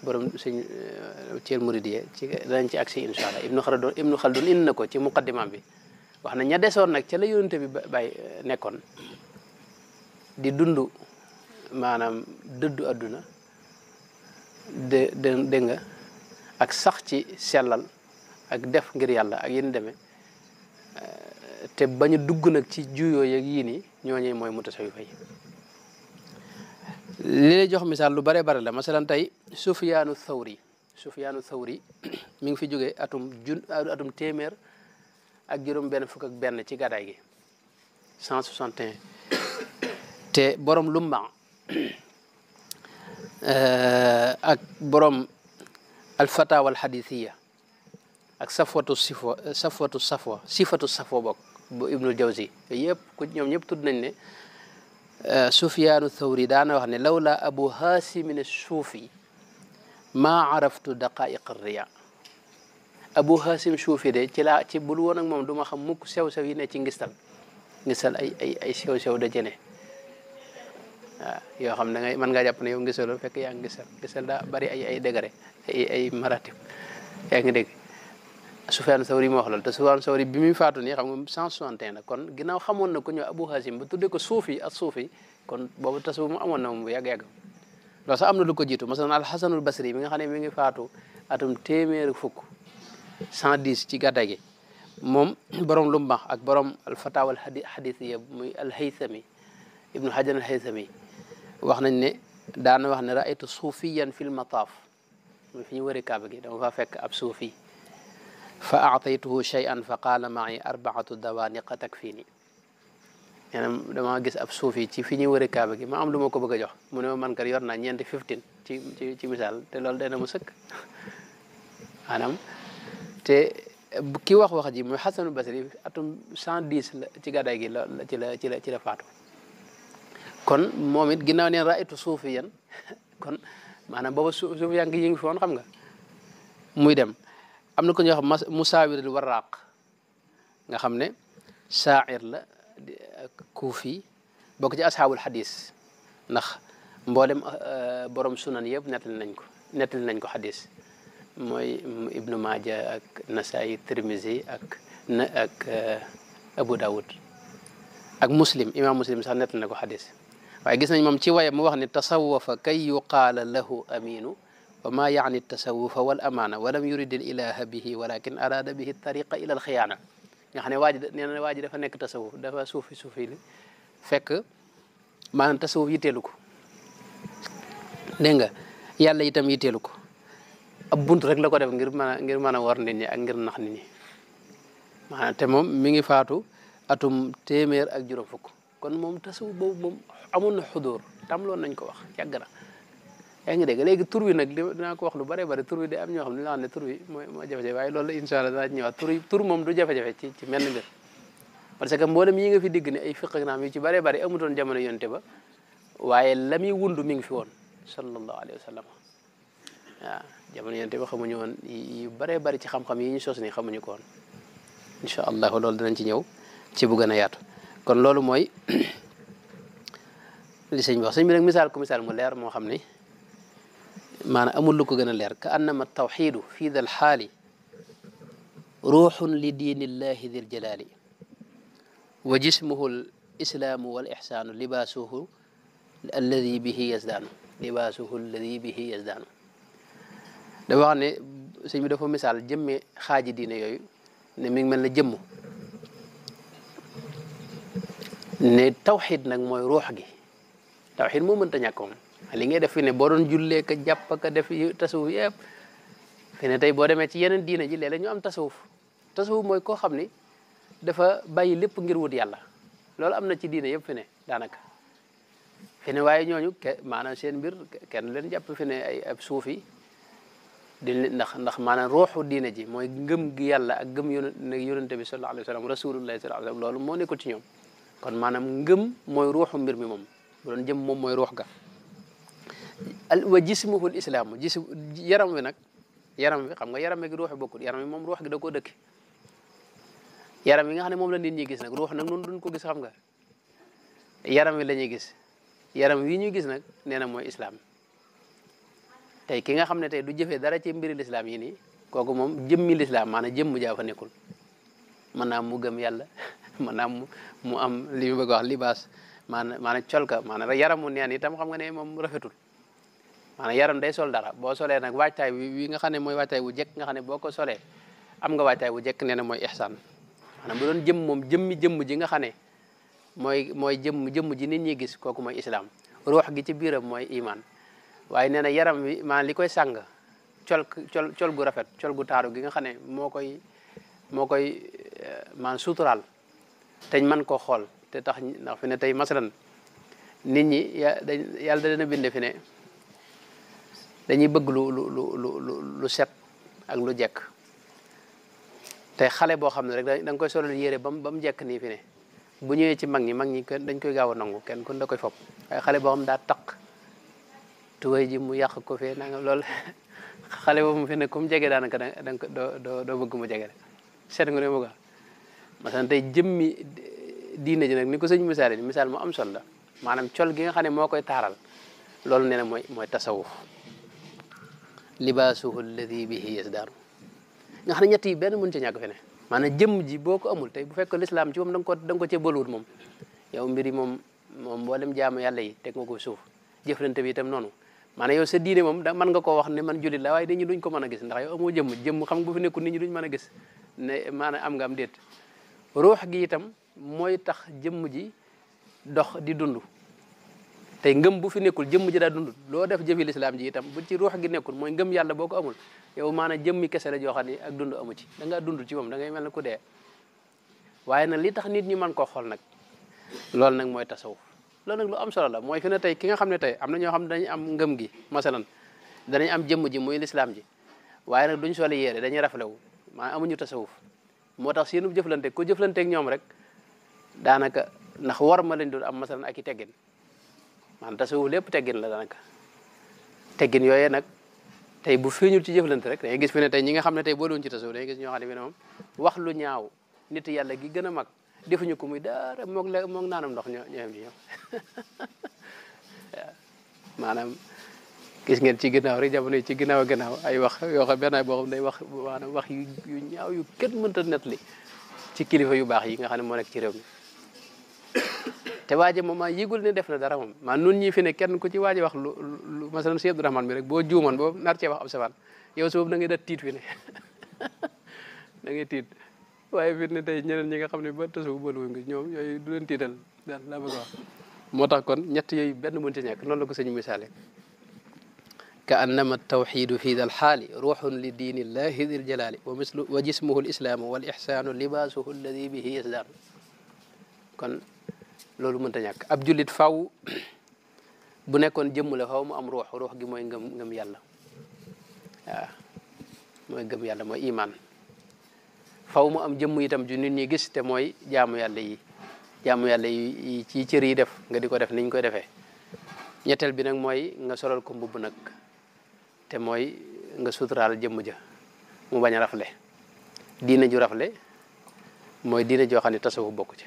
borom sëñ euh, Thiel Mouridiyé ci danañ ci agsi incha allah ibnu xaldun ibnu xaldun indi na ko ci muqaddimam bi wax na ña desoon nag ca la yonante bi bay nekkoon di dund maanaam dëddu dé dégg nga ak sax ci sellal ak def ngir yàlla ak yéen deme euh, te bañ dugg nag ci juyoo yeeg yii nii ñooñu mooy mutasawifa li lay jox misaal lu bare bare la masalan tey Sufyaanu Thawri Sufyaanu Thawri mi ngi fi jóge atum jun téeméer ak juróom benn fukk ak benn ci gàddaay gi 161 te borom Lumma ak borom al fatawa wal hadithiya ak safwatu sifwa safwatu safwa sifatu safwa bok bu ibnu jawzi yëpp ku ñom ñep tud nañ ne sufyaanu thawri daana wax ne lawla abu hasim haasimin suufi ma araftu daqaiq ar riya abu hasim suufi de ci la ci bul won ak mom duma xam mukk sew-sew yi ne ci ngistal ngistal ay ay sew-sew da jene ne waaw yoo xam ne ngay mën jàpp na yow ngisaloo fekk yaa ngi gisal gisal ay ay degré ay ay maratib yaa ngi dégg Sufyaan Sawri moo wax loolu te Sufyaan Sawri bi muy faatu nii xam nga 161 la kon ginnaaw xamoon na ko ñëw ko suufi ak suufi kon boobu tasawu mu amoon na moom bu yàgg-yàgg am na lu ko jiitu masalan Alxasanul Basri mi nga xam ne mi ngi faatu atum téeméeri fukk 110 ci gàdda gi moom borom Lumbax ak borom al Fatawa al Hadithiyya muy al Haythami ibnu Hajar al wax nañ ne daan wax ne raaytu suufiyan fil mataaf muy fi ñu wëri kaaba gi dama fa fekk ab suufi fa aataytuhu shay'an fa qaala ma'i arbaatu dawaaniqa takfiini nee na dama gis ab suufi ci fi ñuy wëri kaaba gi ma am lu ma ko bëgg a jox mu ne ma man kat yor naa ñeenti fifteen ci ci ci misaal te loolu dana mu sëkk maanaam te ki wax wax ji muy xasanul basri atum cent dix la ci gàddaay gi la ci la ci la ci la faatu kon moom it ginnaaw neen raaytu suufiyan kon maanaam booba suufiyan gi yëngu fi woon xam nga muy dem am na ko ñuy wax musaawiril warraaq nga xam ne saa'ir la kuufi bokk ci ashaabul xadis ndax mboolem eh, borom sunan yëpp nettali nañ ko nettali nañ ko xadis mooy ibnu maaja ak nasaayi tirmisi ak na ak eh, abu daawud ak muslim imam muslim sax nettali na ko xadis waaye gis nañ moom ci waye mu wax ne tasawwafa kay yuqaala lahu aminu wa ma yaani tasawufa wal amaana walam yurid il ilaha bihi walakin araada bihi tariqa ila al xiyaana nga xam ne waa ji dafa nekk tasawuf dafa suufi suufi li fekk maanaam tasawuf yitteelu ko dégg nga yàlla itam yitteelu ko ab bunt rek la ko def ngir mën a ngir mën a war nit ñi ak ngir nax ni ni maanaam te moom mi ngi faatu atum téeméer ak juróom fukk kon moom tasawuf boobu moom amoon na xudóor tàmbaloon nañ ko wax yàgg na yaa ngi dégg léegi tur bi nag dinaa ko wax lu bare bare tur bi day am ñoo xam ne dinaa ne tur bi mooy mooy jafe-jafe waaye loolu incha allah dinaa ci ñëwaat tur tur moom du jafe-jafe ci ci mel mbir parce que mboolem yi nga fi digg ne ay fiq ak naam yu ci bare bare amutoon jamono yonte ba waaye la muy wund mi ngi fi woon sallallahu alayhi wa sallam waaw jamono yonte ba xamuñu woon yu bare bare ci xam-xam yi ñu sos ni xamuñu ko woon incha allah loolu dinañ ci ñëw ci bu gën a yaatu kon loolu mooy li sëñ wax sëñ bi nag misaal ko misaal mu leer moo xam ne maanaam amul lu ko gën a leer ka annama tawxiidu fii dal xaali ruuxun li diinillahi dil jalaali wa jismuhu l islaamu wal ixsaanu libaasuhu alladi bihi yasdaanu libaasuhu alladi bihi yasdaanu dafa wax ne sëñ bi dafa misaal jëmme xaaji diine yooyu ne mi mel ne jëmm ne tawxid nag mooy ruux gi tawxid moo mënta ta moom li ngay def fi ne boo doon jullee ka jàpp ka def tasawuf yëpp fi ne tey boo demee ci yeneen diina ji léeg-léeg am tasawuf tasawuf mooy koo xam ni dafa bàyyi lépp ngir wut yàlla loolu am na ci diina yëpp fi daanaka fi waaye ñooñu maanaam seen mbir kenn leen jàpp fi ay ab suuf yi di ndax ndax maanaam ruuxu diina ji mooy ngëm gi yàlla a gëm yonent yonente bi sallallahu alayhi wa sallam rasulullahi sallallahu alayhi loolu moo nekkul ci ñoom kon maanaam ngëm mooy ruuxu mbir mi moom bu jëm moom mooy ruux ga al wa jismuhul islaam jis yaram wi nag yaram wi xam nga yaram wi ruux bokkul yaram wi moom ruux gi da koo dëkk yaram yi nga xam ne moom la nit ñi gis nag ruux nag noonu duñ ko gis xam nga yaram wi lañuy gis yaram wi ñuy gis nag nee na mooy islaam tey ki nga xam ne tey du jëfee dara ci mbir lislaam yi nii kooku moom jëm jëmmi lislaam maanaam jëmm jaa fa nekkul mën naa mu gëm yàlla maanaam mu am li ñu bëgg wax libaas maanaam maanaam colka maanaam yaramu neen itam xam nga ne moom rafetul maanaam yaram day sol dara boo solee nag waajtaay wi wi nga xam ne mooy waajtaay bu nga xam ne boo ko solee am nga waajtaay bu jekk nee na mooy ihsaan maanaam bu doon jëm moom jëmmi jëmm ji nga xam ne mooy mooy jëmm jëmm ji nit ñi gis kooku mooy islaam ruux gi ci biiram mooy iman waaye nee na yaram wi maanaam li koy sàng col col gu rafet col gu taaru gi nga xam ne moo koy moo koy eh, man suturaal teñ man koo xool te tax ndax fi ne tey masalan nit ñi yàlla da leen a bind fi ne dañuy bëgg lu lu lu set ak lu jekk te xale boo xam ne rek da nga koy solal yére ba mu ba mu jekk nii fi ne bu ñëwee ci mag ñi mag ñi kenn dañ koy gaaw a nangu kenn kon da koy fob waaye xale boo xam daa taq tuway ji mu yàq ko fee nanga lool xale boobu mu fi ne ku jege daanaka da nga doo doo bëgg mu jege seet nga ne mu masalan tey jëmmi diine ji nag ni ko sëñ misaal ni misaal am solo la maanaam col gi nga xam ne moo koy taaral loolu nee na mooy mooy tasawuf libaasuhu alladi bihi yasdaaru nga xam ne ñett yi benn mën ci ñàkk maanaam jëmm ji boo ko amul tey bu fekk lislaam ci da ko da ko cee bëluwut moom yow mbiri moom moom mboolem jaamu yàlla yi teg nga ko suuf jëflante bi itam noonu maanaam yow sa diine moom da nga koo wax ne man jullit la waaye nit ñi duñ ko mën a gis ndax yow amoo jëmm jëmm xam nga bu fi nekkul nit ñi duñ a gis ne am nga am déet ruux gi itam mooy tax jëmm ji dox di dund tey ngëm bu fi nekkul jëmm ji daa dund loo def jëfi lislaam ji itam bu ci ruux gi nekkul mooy ngëm yàlla boo ko amul yow maanaam jëmmi kese la joo xam ne ak dund amu ci da ngaa dund ci moom mel ne ku dee waaye nag li tax nit ñi mën koo xool nag loolu nag mooy tasawuf loolu nag lu am solo la mooy fi ne tey ki nga xam ne tey am na ñoo xam ne dañuy am ngëm gi masalan danañ am jëmm ji muy lislaam ji waaye nag duñ soli yére dañuy raflewu maa amuñu tasawuf moo tax seenub jëflante ko jëflanteeg ñoom rek daanaka ndax war ma lañ doon am masalan ak i teggin maanaam tasawuf lépp teggin la daanaka teggin yooyee nag tey bu feeñul ci jëflante rek dangay gis fi ne tey ñi nga xam ne tey boo doon ci tasawuf dangay gis ñoo xam ne wax lu ñaaw nit yàlla gi gën a mag defuñu ko muy dara moog la moog naanam ndox ñoo ñoo yem ñoom maanaam gis ngeen ci ginnaaw rek jamono ci ginnaaw ginnaaw ay wax yo xam benn bo xam day wax maanaam wax yu yu ñaaw yu kenn mënta netli ci kilifa yu bax yi nga xam ne moo ci rew mi te waji mo ma yegul ne def na dara mom man nun ñi fi ne kenn ku ci waji wax lu lu masalan si rahman bi rek bo juuman bo nar ci wax am sabaan yow sa boobu da ngay dat tit fi ne da ngay tit waye fi ne tay ñeneen ñi nga xam ne ba tassu ba lu ngi ñoom yoy du len titel dal la bëgg wax motax kon ñett yoy benn mën ci ñàkk la ko sëñ misaale ka annama altawxidu fi da alxaali ruuxun li diini illahi dil jalaali wa wa jismuhu lislaamu wal ixsaanu libaasuhu alladi bihi loolu mënta ñàkk ab julit faw bu nekkoon jëmm la faw mu am ruux ruux gi moy ngëm ngëm yàlla waaw mooy yàlla mooy imaan faw mu am jëmm yitam ju nit ñi gis te mooy jaamu yàlla yi jaamu yi def nga di ko def niñ koy defee ñetel bi nag mooy nga solal ko mbubb nag te mooy nga suuturaal jëmm ja mu bañ a rafle diina ju rafle mooy diine joo xam ne tasawuf bokk ci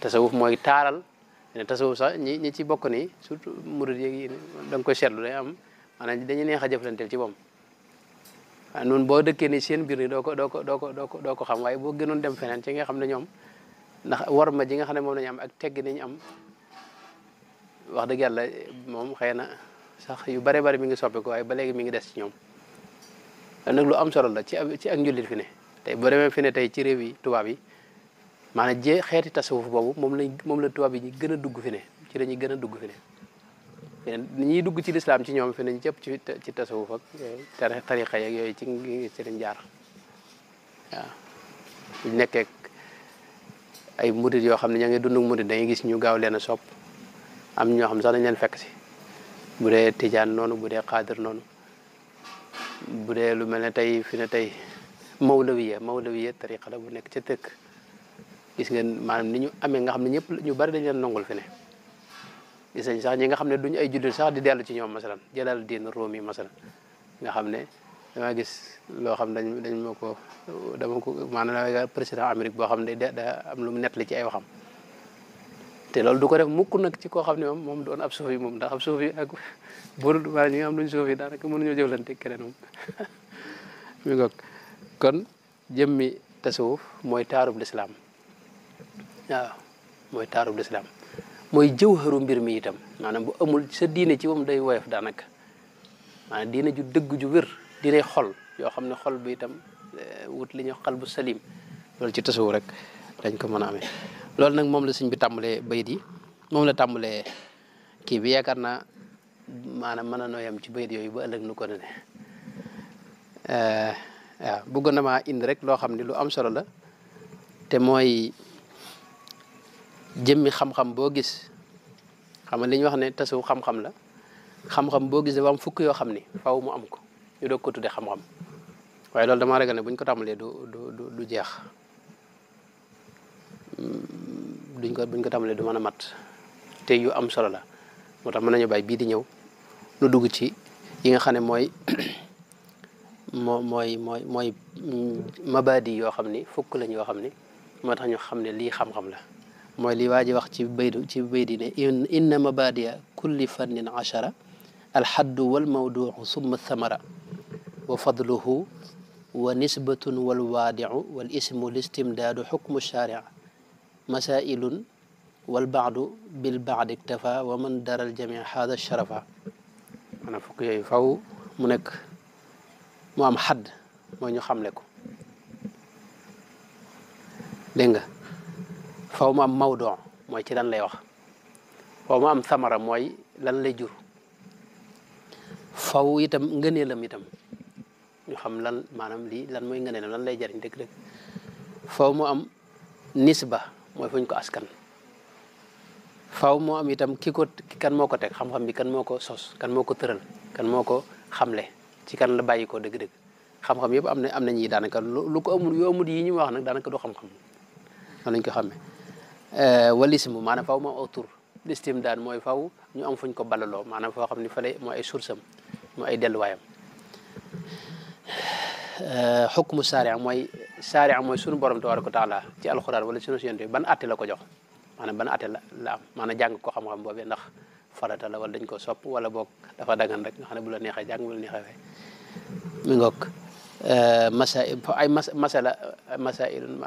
tasawuf mooy taaral ne tasawuf sax ñi ñi ci bokk nii surtout murid yeeg yi da nga koy seetlu day am maanaam dañuy neex a ci moom waaw noonu boo dëkkee ne seen biir ni doo ko doo ko doo ko doo doo ko xam waaye boo gënoon dem feneen ci nga xam ne ñoom ndax war ma ji nga xam ne moom la ñu ak tegg ni am wax dëgg yàlla moom xëy na sax yu bare bari mi ngi soppeeku waaye ba léegi mu ngi des ci ñoom loolu nag lu am solo la ci ci ak njullit fi ne tey boo demee fi ne tey ci réew yi tubaab yi maanaam jee xeeti tasawuf boobu moom lañ moom la tubaab yi ñu gën a dugg fi ne ci la gën a dugg fi ne ñuy dugg ci lislaam ci ñoom fi nañ cëpp ci ci tasawuf ak tariqa yeeg yooyu ci ci jaar waaw buñ ay murit yoo xam ne ña ngi dund murit da gis ñu gaaw leen a sopp am ñoo xam sax dañ leen fekk si bu dee tijaan noonu bu dee xaadir noonu bu dee lu mel ne tey fi ne tey mawlawiya mawlawiya tariqa la bu nekk ca tëkk gis ngeen maanaam ni ñu amee nga xam ne ñëpp ñu bari dañ leen nongul fi ne gis nañ sax ñi nga xam ne duñ ay juddul sax di dellu ci ñoom masalan jëlal diin róom yi masalan nga xam ne damaa gis loo xam dañ dañ ma ko dama ko maanaam président Amérique boo xam ne da am lu mu nettali ci ay waxam te loolu du ko def mukk nag ci koo xam ne moom moom doon ab suuf yi moom ndax ab suuf yi ak bonu maa ñi nga am luñ suuf yi daanaka mënuñoo jëflante keneen moom mi ngoog kon jëmmi tasawuf mooy taarub lislaam waaw mooy taarub lislaam mooy jëwharu mbir mi itam maanaam bu amul sa diine ci moom day woyof daanaka maanaam diine ju dëgg ju wér diine xol yoo xam ne xol bi itam eh, wut li ñuy xal bu salim loolu ci tasawuf rek dañ ko mën a amee loolu nag moom la sëñ bi tàmbulee bayit yi moom la tàmbulee kii bi yaakaar naa maanaam mën a nooyam ci bayit yooyu ba ëllëg nu ko ne ne eh, waaw bëggoon na maa indi rek loo xam ne lu am solo la te mooy jëmmi xam-xam boo gis xam nga li ñuy wax ne tasawu xam-xam la xam boo gis dafa fukk yoo xam ni faaw mu am ko ñu doog ko tuddee xam-xam waaye loolu damaa ragal ne bu ko tàmbulee du du du jeex. duñ ko buñ ko tamalé du mëna mat te yu am solo la motax mëna ñu bay bi di ñëw nu dugg ci yi nga xamné moy moy moy moy mabadi yo mabaadi fukk lañ yo xam motax ñu xam li xam-xam la moy li waji wax ci beydu ci beydi ne inna mabaadiya kulli fannin achara alxaddu walmawduucu summa thamara wa fadluhu wa nisbatun walwaadicu wal ismu listimdaadu xukmu shaarica masailun wal baadu bil baadi iktafa wa man daral jamia hada sharafa maanaam fukk yooyu faw mu nekk mu am xadd mooy ñu xamle ko dégg nga faw mu am mawdo mooy ci lan lay wax faw mu am samara mooy lan lay jur faw itam ngëneelam itam ñu xam lan maanaam lii lan mooy ngëneelam lan lay jariñ dëgg-dëgg faw mu am nisba mooy fuñ ko askan faw moo am itam ki ko kan moo ko teg xam-xam bi kan moo ko sos kan moo ko tëral kan moo ko xamle ci kan la bàyyi ko dëgg-dëgg xam-xam yëpp am na am na ñii daanaka lu ko amul yoo amul yi ñu wax nag daanaka du xam-xam noonu lañ ko xamee euh, walismu maanaam faaw moo aw tur listim daan mooy faw ñu am fuñ ko balaloo maanaam foo xam ne fale moo ay source am moo ay delluwaayam xukmu eh, saaria mooy saaria mooy sunu borom tabaraka taala ci alxuraan wala sunu yonent bi ban atte la ko jox maanaam ban atte la la am maanaam jàng ko xam-xam boobee ndax farata la wala dañ ko sopp wala boog dafa dagan rek nga ne bu la neexee jàng bu la neexee fee mi ngoog eh, masa ay mas masala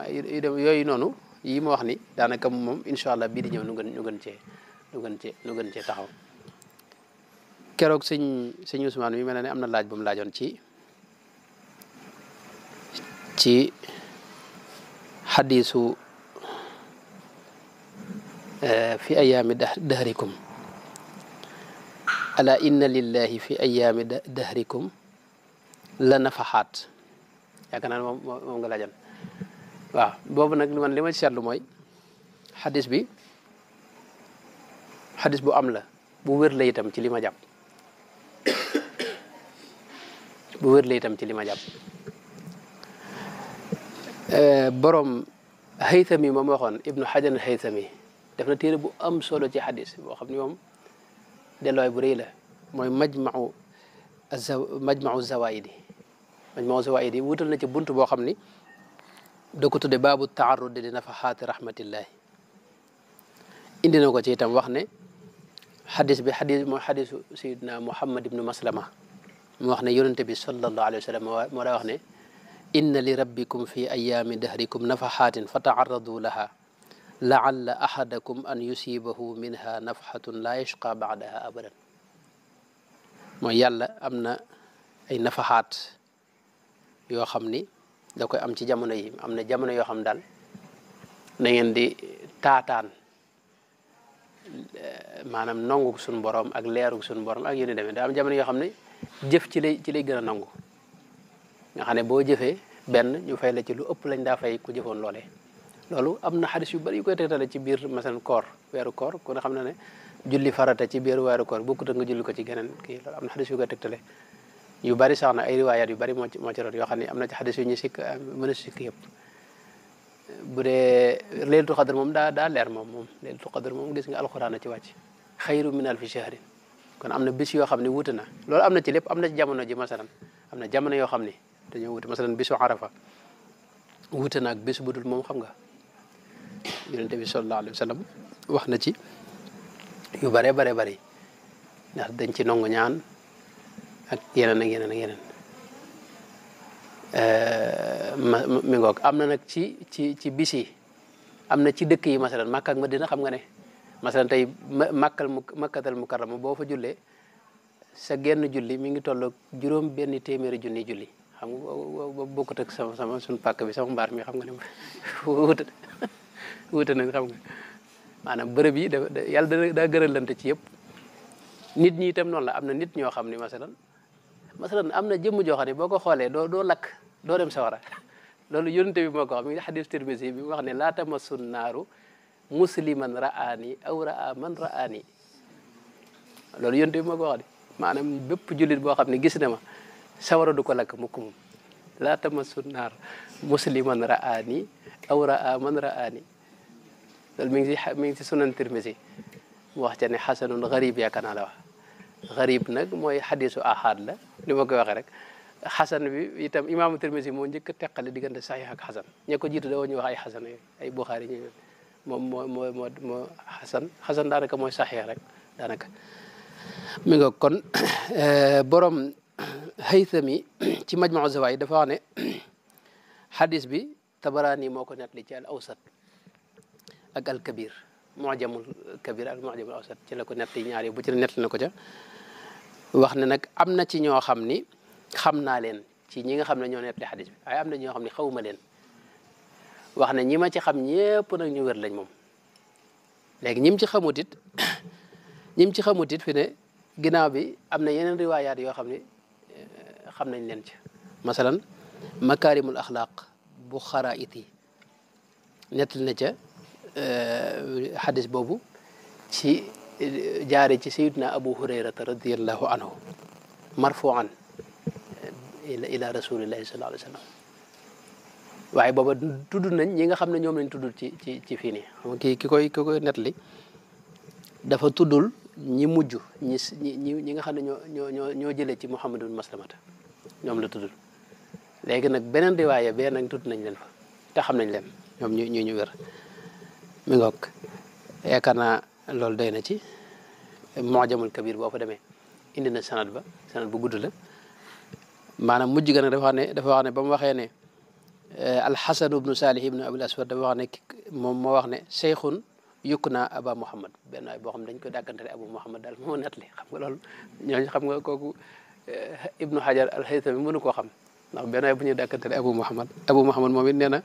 yooyu noonu yi ma wax ni daanaka moom incha allah bii di nu gën ñu gën cee nu gën cee nu gën cee taxaw keroog sëñ sëñ Ousmane mi mel ne am na laaj bu mu laajoon ci ci xadiisu eh, fi ayaami dahrikum ala inna lillahi fi ayaami dahrikum la nafaxaat yaakaar moom moom waaw boobu nag man li ci seetlu mooy xadis bi xadis bu am la bu wér la itam ci lima ma jàpp bu wér la itam ci lima ma jàpp برم هيثمي ما مخن ابن حجر الهيثمي دفن تير بو أم سولو جي حديث بو خبني يوم دلو إبريلة موي مجمع مجمع الزوائد مجمع الزوائد ودلنا جي بنت بو خبني دكتو دي باب التعرض لنفحات رحمة الله عندنا كو جي تم وخني حديث مو حديث سيدنا محمد بن مسلمة مو وخني يونتبي صلى الله عليه وسلم مو وخني inna li rabbikum fi ayaami dahrikum nafaxaatin fa taarradu laha laalla ahadakum an yusibahu minha nafaxatun laa yashqa baadaha abadan mooy yàlla am na ay nafaxaat yoo xam ni da koy am ci jamono yi am na jamono yoo xam daal da ngeen di taataan maanaam nongu suñu borom ak leeru suñu borom ak yéen demee daa am jamono yoo xam ne jëf ci lay ci lay gën a nangu nga xam ne boo jëfee benn ñu fay la ci lu ëpp lañ daa fay ku jëfoon loole loolu am na xadis yu bari yu koy tegtale ci biir masalan koor weeru koor ku xam na ne julli farata ci biir weeru koor bokkut ak nga julli ko ci geneen ki loolu am na xadis yu bari sax na ay riwaayaat yu bari moo moo ci doon yoo xam ne am na ci xadis yu ñu sikk euh, yëpp bu dee leeltu xadar moom daa daa leer moom moom leeltu xadar moom gis nga alxuraan a ci wàcc xayru min fi shahrin kon am na bis yoo xam ne wuute na loolu am na ci lépp am na ci jamono ji masalan am na jamono yoo xam ne dañoo wute masalan bisu arafa wute nak bis budul dul moom xam nga yonente bi sallallahu alayhi wa sallam wax na ci yu bare bare bare ndax dañ ci nongu ñaan ak yeneen ak yeneen ak yeneen mi ngoog am na nag ci ci ci bis yi am na ci dëkk yi masalan màkk ak madina xam nga ne masalan tey màkkal mu makkatal mukarrama boo fa jullee sa genn julli mi ngi tolloog juróom benn téeméeri junni julli xam nga bokkut ak sama sama suñu pàkk bi sama mbaar mi xam nga ne wuute wuute nañ xam nga maanaam bërëb yi da yàlla da daa gëralante ci yëpp nit ñi itam noonu la am na nit ñoo xam ne masalan masalan am na jëmm joo xam ne boo ko xoolee doo doo lakk doo dem sawara loolu yonente bi moo ko wax mi xadis Tirmisi bi wax ne laa tamassun naaru musliman ra'aani aw ra'a man ra'aani yoon yonente bi moo ko wax de maanaam bépp jullit boo xam ne gis na ma sawara du ko lakk mukk moom laa tamassu naar musliman ra'aani aw ra'a man ra'aani loolu mi ngi si mi ngi si sunan Tirmisi mu wax ca ne xasanun garib yaakaar naa la wax garib nag mooy xadisu ahad la li ma koy waxee rek xasan bi itam imaamu Tirmisi moo njëkk teqale diggante saxiix ak xasan ña ko jiitu da woo wax ay xasan ay buxaari ñu moom moo moo moo moo xasan xasan daanaka mooy saxiix rek daanaka mi kon eh, borom haythami ci majmau zawaay dafa wax ne xadis bi tabaraani moo ko nettali ci al awsat ak al kabir mojamul kabir ak mojamul awsat ci la ko nettali ñaar yi bu ci nettali na ko ca wax ne nag am na ci ñoo xam ni xam naa leen ci ñi nga xam ne ñoo nettali xadis bi waaye am na ñoo xam ne xawuma leen wax na ñi ma ci xam ñëpp nag ñu wer lañ moom léegi ñim ci xamut it ci xamut it fi ne ginnaaw bi am na yeneen riwaayaat yoo xam ne xam nañ leen ci masalan makaarimul axlaaq bu xaraayit yi nettali na ca euh, xadis boobu ci jaare ci sayidna abu hurayrata radiallahu anhu marfuan ila rasulillahi sallallahu waaye booba tudd nañ ñi nga xam ne ñoom lañ tudd ci ci ci fii nii ki koy ki koy nettali dafa tuddul ñi mujj ñi ñi ñi nga xam ne ñoo ñoo ñoo jëlee ci muhammadul maslamata ñoom la tudd léegi nag beneen riwaaya bee nag tudd nañ leen fa te xam nañ leen ñoom ñu ñu ñu wér mi ngoog yaakaar naa loolu doy na ci moo Mu'jamul Kabir boo fa demee indi na sanad ba sanad bu gudd la maanaam mujj ga nag dafa wax ne dafa wax ne ba mu waxee ne eh, alxasanu ibnu saalih ibnu abil aswad dafa wax ne moom moo wax ne seyxun yukk naa aba muhammad benn waay boo xam dañ ko dàkkantale abu muhammad daal moo nettali xam nga loolu ñooñu xam nga kooku Eh, ibnu hajar alhaytami mënu koo xam ndax benn bu ñuy dàkkantele abu muhammad abu muhammad moom it nee na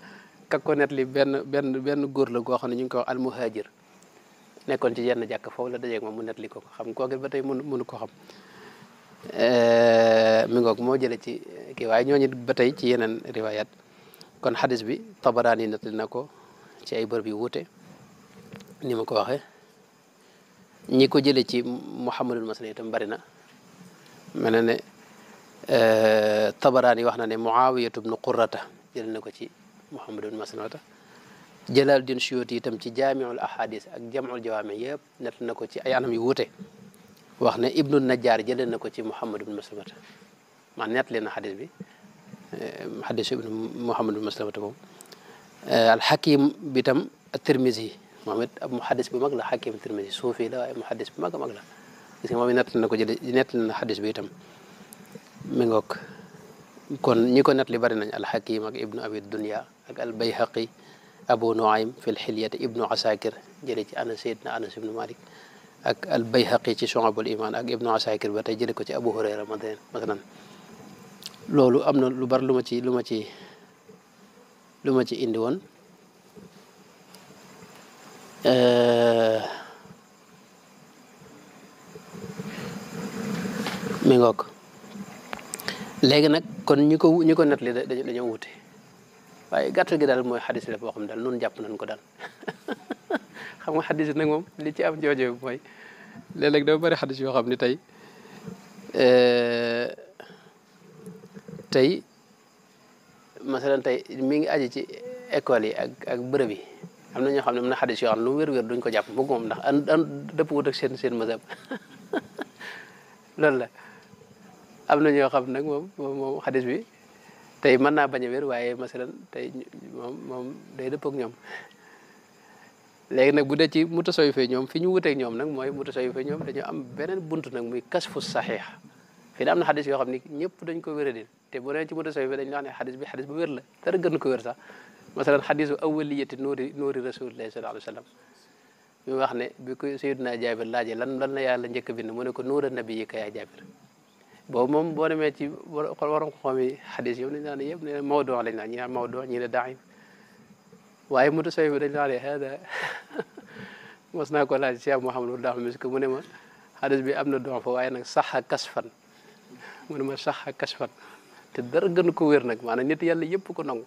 kak ko net benn benn benn góor la goo xam ne ñu ngi koy wax almuhajir nekkoon ci yenn jàkk foofu la dajeeg moom mu net li ko xam kooku ba tey mënu mënu ko xam eh, mi ngoog moo jële ci kii waaye ñooñu ba tey ci yeneen riwayat kon xadis bi tabaraani nettali na ko ci ay bërëb yu wuute ni ko waxee ñi ko jële ci muhammadul masna itam bari na من أن آه، تبراني وحنا معاوية بن قرة جلنا كتي محمد بن مسلمة جلال الدين شيوتي تم في جامع الأحاديث أك جامع الجوامع يب نتنا كتي أيانم يوته وحنا ابن النجار جلنا كتي محمد بن مسلمة ما نيات حديث بي آه، حديث ابن محمد بن مسلمة تقول آه، الحكيم بتم الترمذي محمد أبو حديث بمقلة حكيم الترمذي صوفي لا محدث بمقلة مقلة gis nga moom it nettali na ko jële nettali na xadis bi itam mi ngoog kon ñi ko nettali bari nañ alxakim ak ibnu abi dunya ak albayhaqi abu nuaym fi lxilyati ibnu asakir jële ci anas sayidna malik ak albayhaqi ci shu'abul iman ak ibnu asakir ba tey jële ko ci abu hurayra masalan loolu am lu bari lu ma ci lu ma ci lu ma ci indi mi ngoog léegi nag kon ñu ko ñu ko nettali dañoo wute waaye gàttal gi daal mooy xadis la boo xam ne daal noonu jàpp nañ ko daal xam nga xadis nag moom li ci am joojo mooy léeg-léeg dafa bëri xadis yoo xam ne tey eh, tey masalan tey mi ngi aji ci école yi ak ak bërëb yi am na ñoo xam ne am na xadis yoo xam ne lu wér-wér duñ ko jàpp bëgg moom ndax an an dëpp wut ak seen seen mazhab loolu la am na ñoo xam nag moom moom moom xadis bi tey mën naa bañ a wér waaye masalan tey moom moom day dëpp ak ñoom léegi nag bu dee ci mutasawi fee ñoom fi ñu wuteeg ñoom nag mooy mutasawi fee ñoom dañoo am beneen bunt nag muy kasfu saxiix fii da am na xadis yoo xam ñëpp dañ ko wéradil te bu nee wax ne xadis bi xadis bu wér la dara gën ko wér sax masalan xadisu awaliyati nuuri nuuri rasulillahi sallallahu alayhi wax ne bi ko Seydina Jaabir laajee lan lan la yàlla njëkk bind mu ne ko nuura nabi yi ka yaa Jaabir boobu moom boo demee ci waroon ko xam yi xadis yëpp yëpp ne mawdu lañ naan ñi naan mawdu ñi ne waaye mutasawif bi dañ ne hada mos naa ko laaj Cheikh Mouhamadou Daam Misk mu ne ma xadis bi am na doon fa waaye nag saxa kasfan mu ne ma saxa kasfan te dara gën ko wér nag maanaam nit yàlla yëpp ko nangu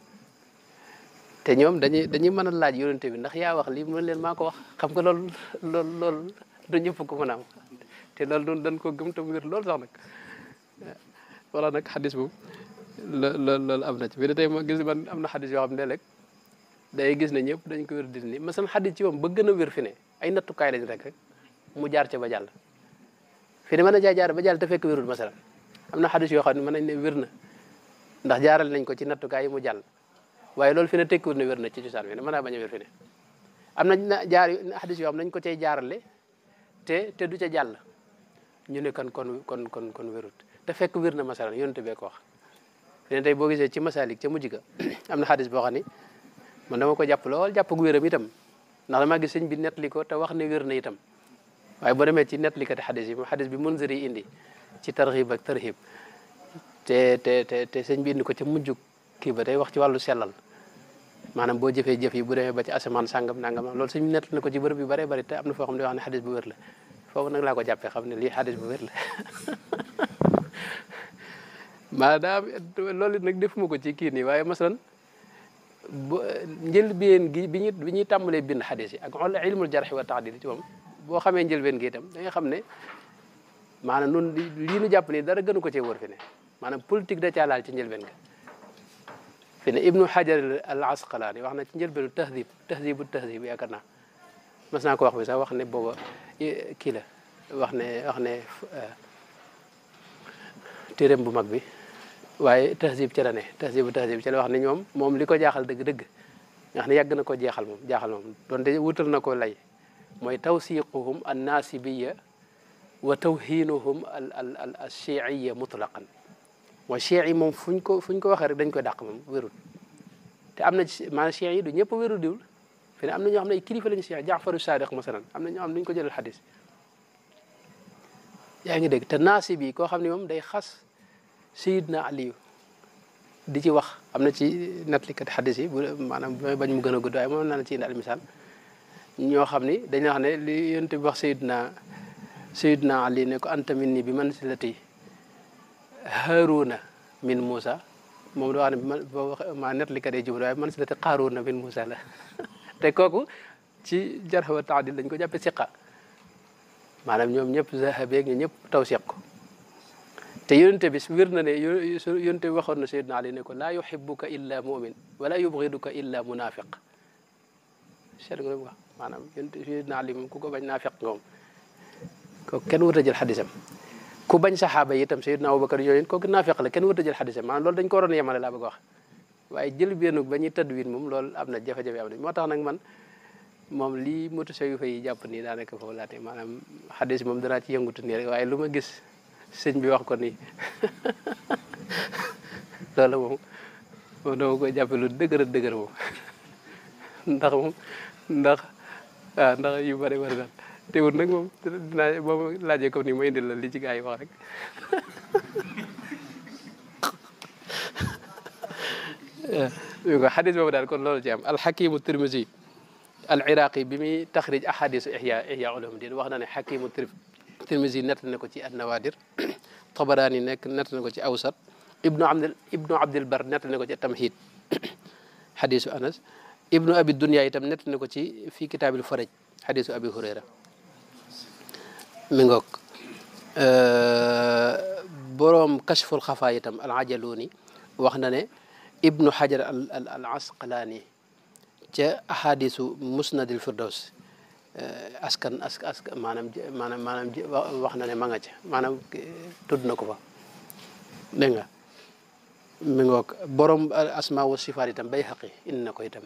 te ñoom dañuy dañuy mën a laaj yonente bi ndax yaa wax lii mu leen maa ko wax xam nga lool loolu loolu du ñëpp ko mën te loolu doon dañ ko gëm te mu wér loolu sax nag wala nag hadis bu, lool loolu am na ci bi da tey ma gis man am na xadis yoo xam ne léeg day gis ne ñëpp dañ ko wér di ni masan xadis ci moom ba gën a wér fi ne ay nattukaay lañ rek mu jaar ca ba jàll fi ne mën na caa jaar ba jàll te fekk wérul masalan am na Amna yoo xam ne mën nañ ne wér na ndax jaaral nañ ko ci nattukaay yi mu jàll waaye loolu fi ne tekkiwut ne wér na ci cosaan fi ne mën naa bañ fi ne am jaar xadis yoo xam nañ ko cay jaarale te te du ca jàll ñu ne kon kon kon kon kon wérut da fekk wir na masalan yonte be ko wax ne tay bo gise ci masalik ci mujj amna am na xani man dama ko japp lol japp gu wiram itam ndax dama gis seigne bi nettali ko te wax ne wir na itam waaye bo demé ci nettalikati hadith bi hadith bi munziri indi ci tarxib ak tarhib te te te te seigne bi indi ko ci mujj ki ba tey wax ci walu selal manam bo jëfee jëf yi bu demé ba ci asman sangam nangam lol seigne bi nako ci yu bare bari te amna fo xam ne wax ni hadith bu la foofu nag laa ko jàppee xam ne maanaam loolu it nag defuma ko ci kii nii waaye masalan bu njëlbeen gi bi ñu bi ñuy tàmbalee bind xadis yi ak xool ilmul jarxi wa taadil ci moom boo xamee njëlbeen gi tam da xam ne maanaam noonu lii nu jàpp dara gënu ko cee wër fi ne maanaam da caa laal ci njëlbeen ga fi ne ibnu xajar al asqalaani wax na ci njëlbeenu tahdib tahdibu tahdib yaakaar naa mas naa ko wax bi sax wax ne booba kii la wax ne wax ne téeréem bu mag bi waaye tahzib ci la ne tahzibu tahzib ci la wax ni ñoom moom li ko jaaxal dëgg-dëgg nga xam ne yàgg na ko jeexal moom jaaxal moom donte wutal na ko lay mooy tawsiquhum an naasibiya wa tawhiinuhum al al al al chiiya mutlaqan mooy chii moom fuñ ko fuñ ko waxee rek dañ koy dàq moom wérul te am na maanaam chii yi du ñëpp wéru diwul fi ne am na ñoo xam ne ay kilifa lañu chii jaafaru am na ñoo xam ne duñ ko jëlal xadis yaa ngi dégg te naasib yi koo xam ne moom day xas sayidna aliyu di ci wax am na ci nettalikat xaddis yi bu maanaam bañ mu gën a gudd waaye moom naa na ci indi misaal ñoo xam ni dañuy wax ne li yonent bi wax sayidna sayidna ali ne ko anta minni bi mansilati haruna min moussa moom da wax ne ma nettalikat yi jubal waaye bi mansilati qaaruna min moussa la te kooku ci jarx wa taadil dañ ko jàppe siqa maanaam ñoom ñëpp zahabeeg ñu ñëpp taw siq ko te yonente bi wir na ne yonente bi waxoon na seydina ali ne ko laa yuhibuka illa mumin wala yubgiduka illa munafiq seet nga wax maanaam yonente seydina ali moom ku ko bañ naafiq nga moom ko kenn wut a jël xadisam ku bañ saxaaba yi itam seydina abubakar yooyu kooku naafiq la kenn wut a jël xadisam maanaam loolu dañ ko waroon yemale laa bëgg wax waaye jël benn ba ñuy tadwin moom loolu am na jafe-jafe am na moo tax nag man moom lii motu sayu fa yi jàpp nii daanaka foofu laate maanaam xadis moom danaa ci yëngutu nii rek waaye lu ma gis sëñ bi wax ko nii loolu moom moom dama koy jàppe lu dëgër dëgër moom ndax moom ndax ndax yu bare bëri daal teewul nag moom dinaa boo ma laajee comme nii ma ci gaa yi wax rek yu ko xadis boobu daal kon loolu ci am alxakimu tirmisi al iraqi bi muy taxrij ahadisu ihya ihya ulumuddin wax na ne xakimu tirmisi tirmisi nett na ko ci annawaadir tabaraani nekk nett na ko ci awsat ibnu abdil ibnu abdil bar nett na ko ci tamhid xadisu anas ibnu abi dunia itam nett na ko ci fi kitaabil faraj xadisu abi hurayra mi ngoog boroom kashful xafa itam al ajaluuni wax na ne ibnu xajar al asqalaani ca ahadisu musnadil firdaws Eh, askan askan maanaam maanaam maanaam wax na ne ma nga maanaam eh, tudd na ko fa dégg nga mi ngoog borom asma wa sifaat itam bay xaqi indi na ko itam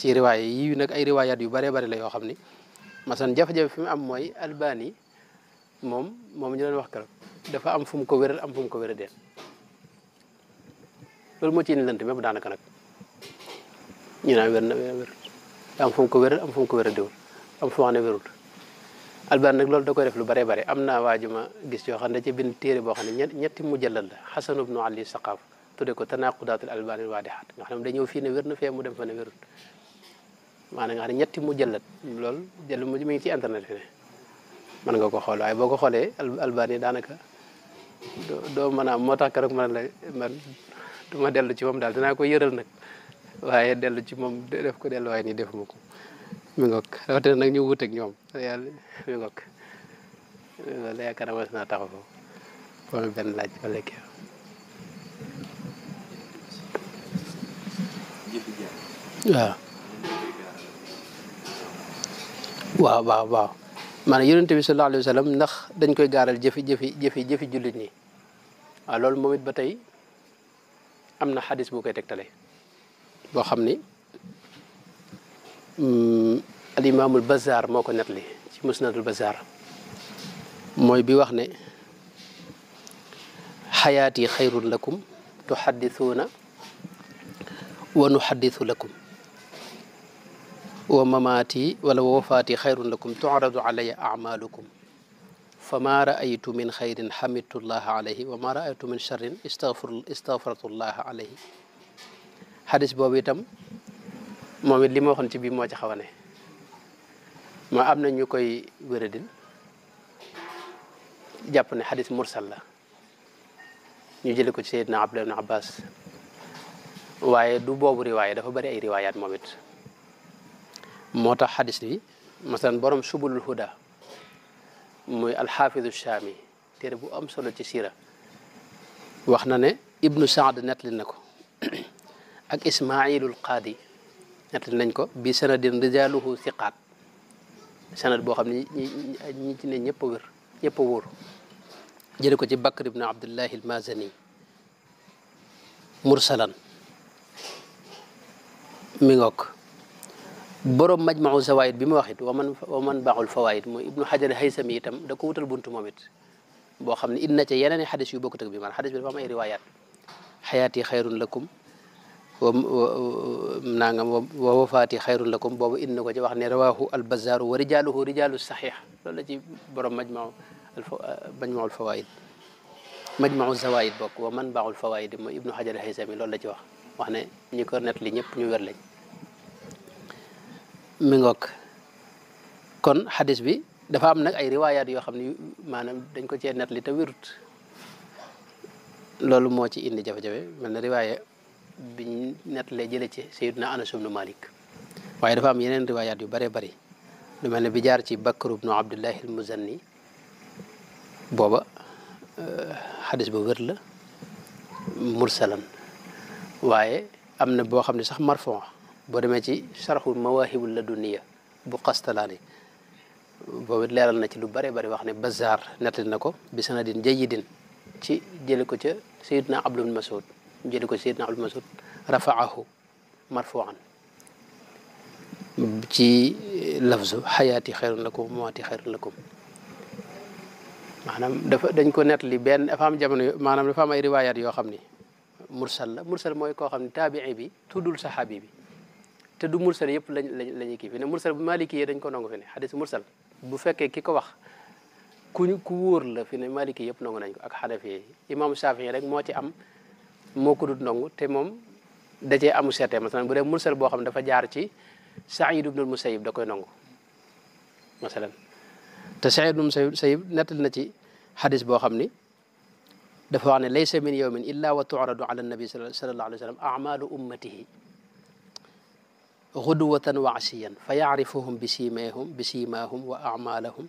ci riwaay yi nag ay riwaayaat yu bëree bëri la yoo xam ni masan jafe-jafe fi mu am mooy albani moom moom ñu doon wax keroog dafa am fu mu ko wéral am fu ko wéra deen loolu moo ci indi lënt mépp daanaka nag ñu naan wér na wér am fu ko wéral am fu mu ko wéra déwul am fu wax ne wérut albani nag loolu da koy def lu bare bare am naa waajuma gis yoo xam ne da ci bin téere boo xam ne ñetti mujallal la xasanu bnu ali saqaaf tudde ko tanaqudatul albani waadixaat nga xam ne dañëw fii ne wér na fee mu dem fa ne wérut maanaam nga xam ne ñetti mujallal loolu jël mu mi ngi ci internet fi ne mën nga ko xool waaye boo ko xoolee albani daanaka doo mën a moo tax keroog man la man du ma dellu ci moom daal dinaa ko yëral nag waaye dellu ci moom def ko delluwaay ni defuma ko mi ngoog nag ñu wuuteeg ñoom yàlla mi ngoog naa mas naa taxaw laaj wala kii waaw waaw waaw waaw maanaam yonente bi ndax dañ koy gaaral jëfi jëfi jëfi jëfi jullit ñi waaw loolu moom ba tey am na xadis boo koy tegtale boo xam ni Hmm, al imaamul bazaar moo ko nettali ci musnadul bazaar mooy bi wax ne xayaat yi xayrun lakum tuxaddisuuna wa nuxaddisu lakum wa mamaati wala wa wafaati xayrun lakum tuaradu alaya amaalukum fa maa raaytu min xayrin xamidtullaha alayhi wa maa raaytu min charrin istagfartullaha alayhi xadis boobu itam momit li ma waxoon ci bi mo ci xawane a ne ma am na ñu jàpp ne hadith mursal la ñu jël ko ci sayyidna abdul ibn Abbas waye du bobu riwaya dafa bari ay riwayat momit motax hadith bi masalan borom subulul huda muy alxaafidu shami tere bu am solo ci siira waxna ne ibnu sa'd nettali na ko ak ismailul qaadi nettali nañ ko bi sanadin rijaaluhu siqaat sanad boo xam ne ñi ci ne ñëpp a wér ñëpp a wóor jële ko ci bakr ibn abdullahi almazani mursalan mi ngoog boroom majmau zawaid bi mu wax it wa man wa man baaxul fawaid mooy ibnu xajar haysami itam da ko wutal buntu moom boo xam ne indi na ca yeneen i xadis yu bokkut ak bi man xadis bi dafa am ay riwaayaat xayaati xayrun lakum wa nangam wa wafaati xayrun lakum boobu indi na ko ci wax ne rawahu albazaaru wa rijaaluhu rijaalu saxiix loolu la ci borom majmau majmau alfawaid majmau zawaid bokk wa man baaxul fawaid mooy ibnu xajar xaysami loolu la ci wax wax ne ñi ko net li ñëpp ñu wér lañ mi ngoog kon xadis bi dafa am nag ay riwaayaat yoo xam ne maanaam dañ ko cee net li te wérut loolu moo ci indi jafe-jafe mel na biñ nettalee jële ci Seydina Anas ibnu Malik waaye dafa am yeneen riwaayaat yu bare bari lu mel ne bi jaar ci Bakr ibnu Abdullahi al booba euh, xadis bu wér la mursalan waaye am na boo xam ne sax marfon boo demee ci sarxul mawaahibul laduniya bu Qastalaani boobu leeral na ci lu bare bari wax ne Bazaar nettali na ko bi sanadin jayyidin ci jële ko ca Seydina Abdul Masud jëli ko Seydina Abdul Masud rafaahu marfuan ci lafzu xayaati xayrun lakum mawaati xayrun lakum maanaam dafa dañ ko nettali benn dafa am jamono maanaam dafa am ay riwaayaat yoo xam ni mursal la mursal mooy koo xam ne taabii bi tuddul saxaabi bi te du mursal yëpp lañ lañ la ñuy kii fi ne mursal bu maliki yi dañ ko nangu fi ne xadis mursal bu fekkee ki ko wax kuñu ku wóor la fi ne maliki yëpp nangu nañ ko ak xanafi yi imam Shaafi rek moo ci am moo ko dut nangu te moom da cee amu seete masalan bu dee mursal boo xam ne dafa jaar ci Saïd ibnul Musayyib da koy nangu masalan te Saïd ibnul Musayyib nettal na ci xadis boo xam ni dafa wax ne laysa min yawmin illa wa tu'radu ala nabi sallallahu alayhi wa sallam amalu ummatihi xudwatan wa asiyan fa yacrifuhum bi siimaahum bi siimaahum wa amaalahum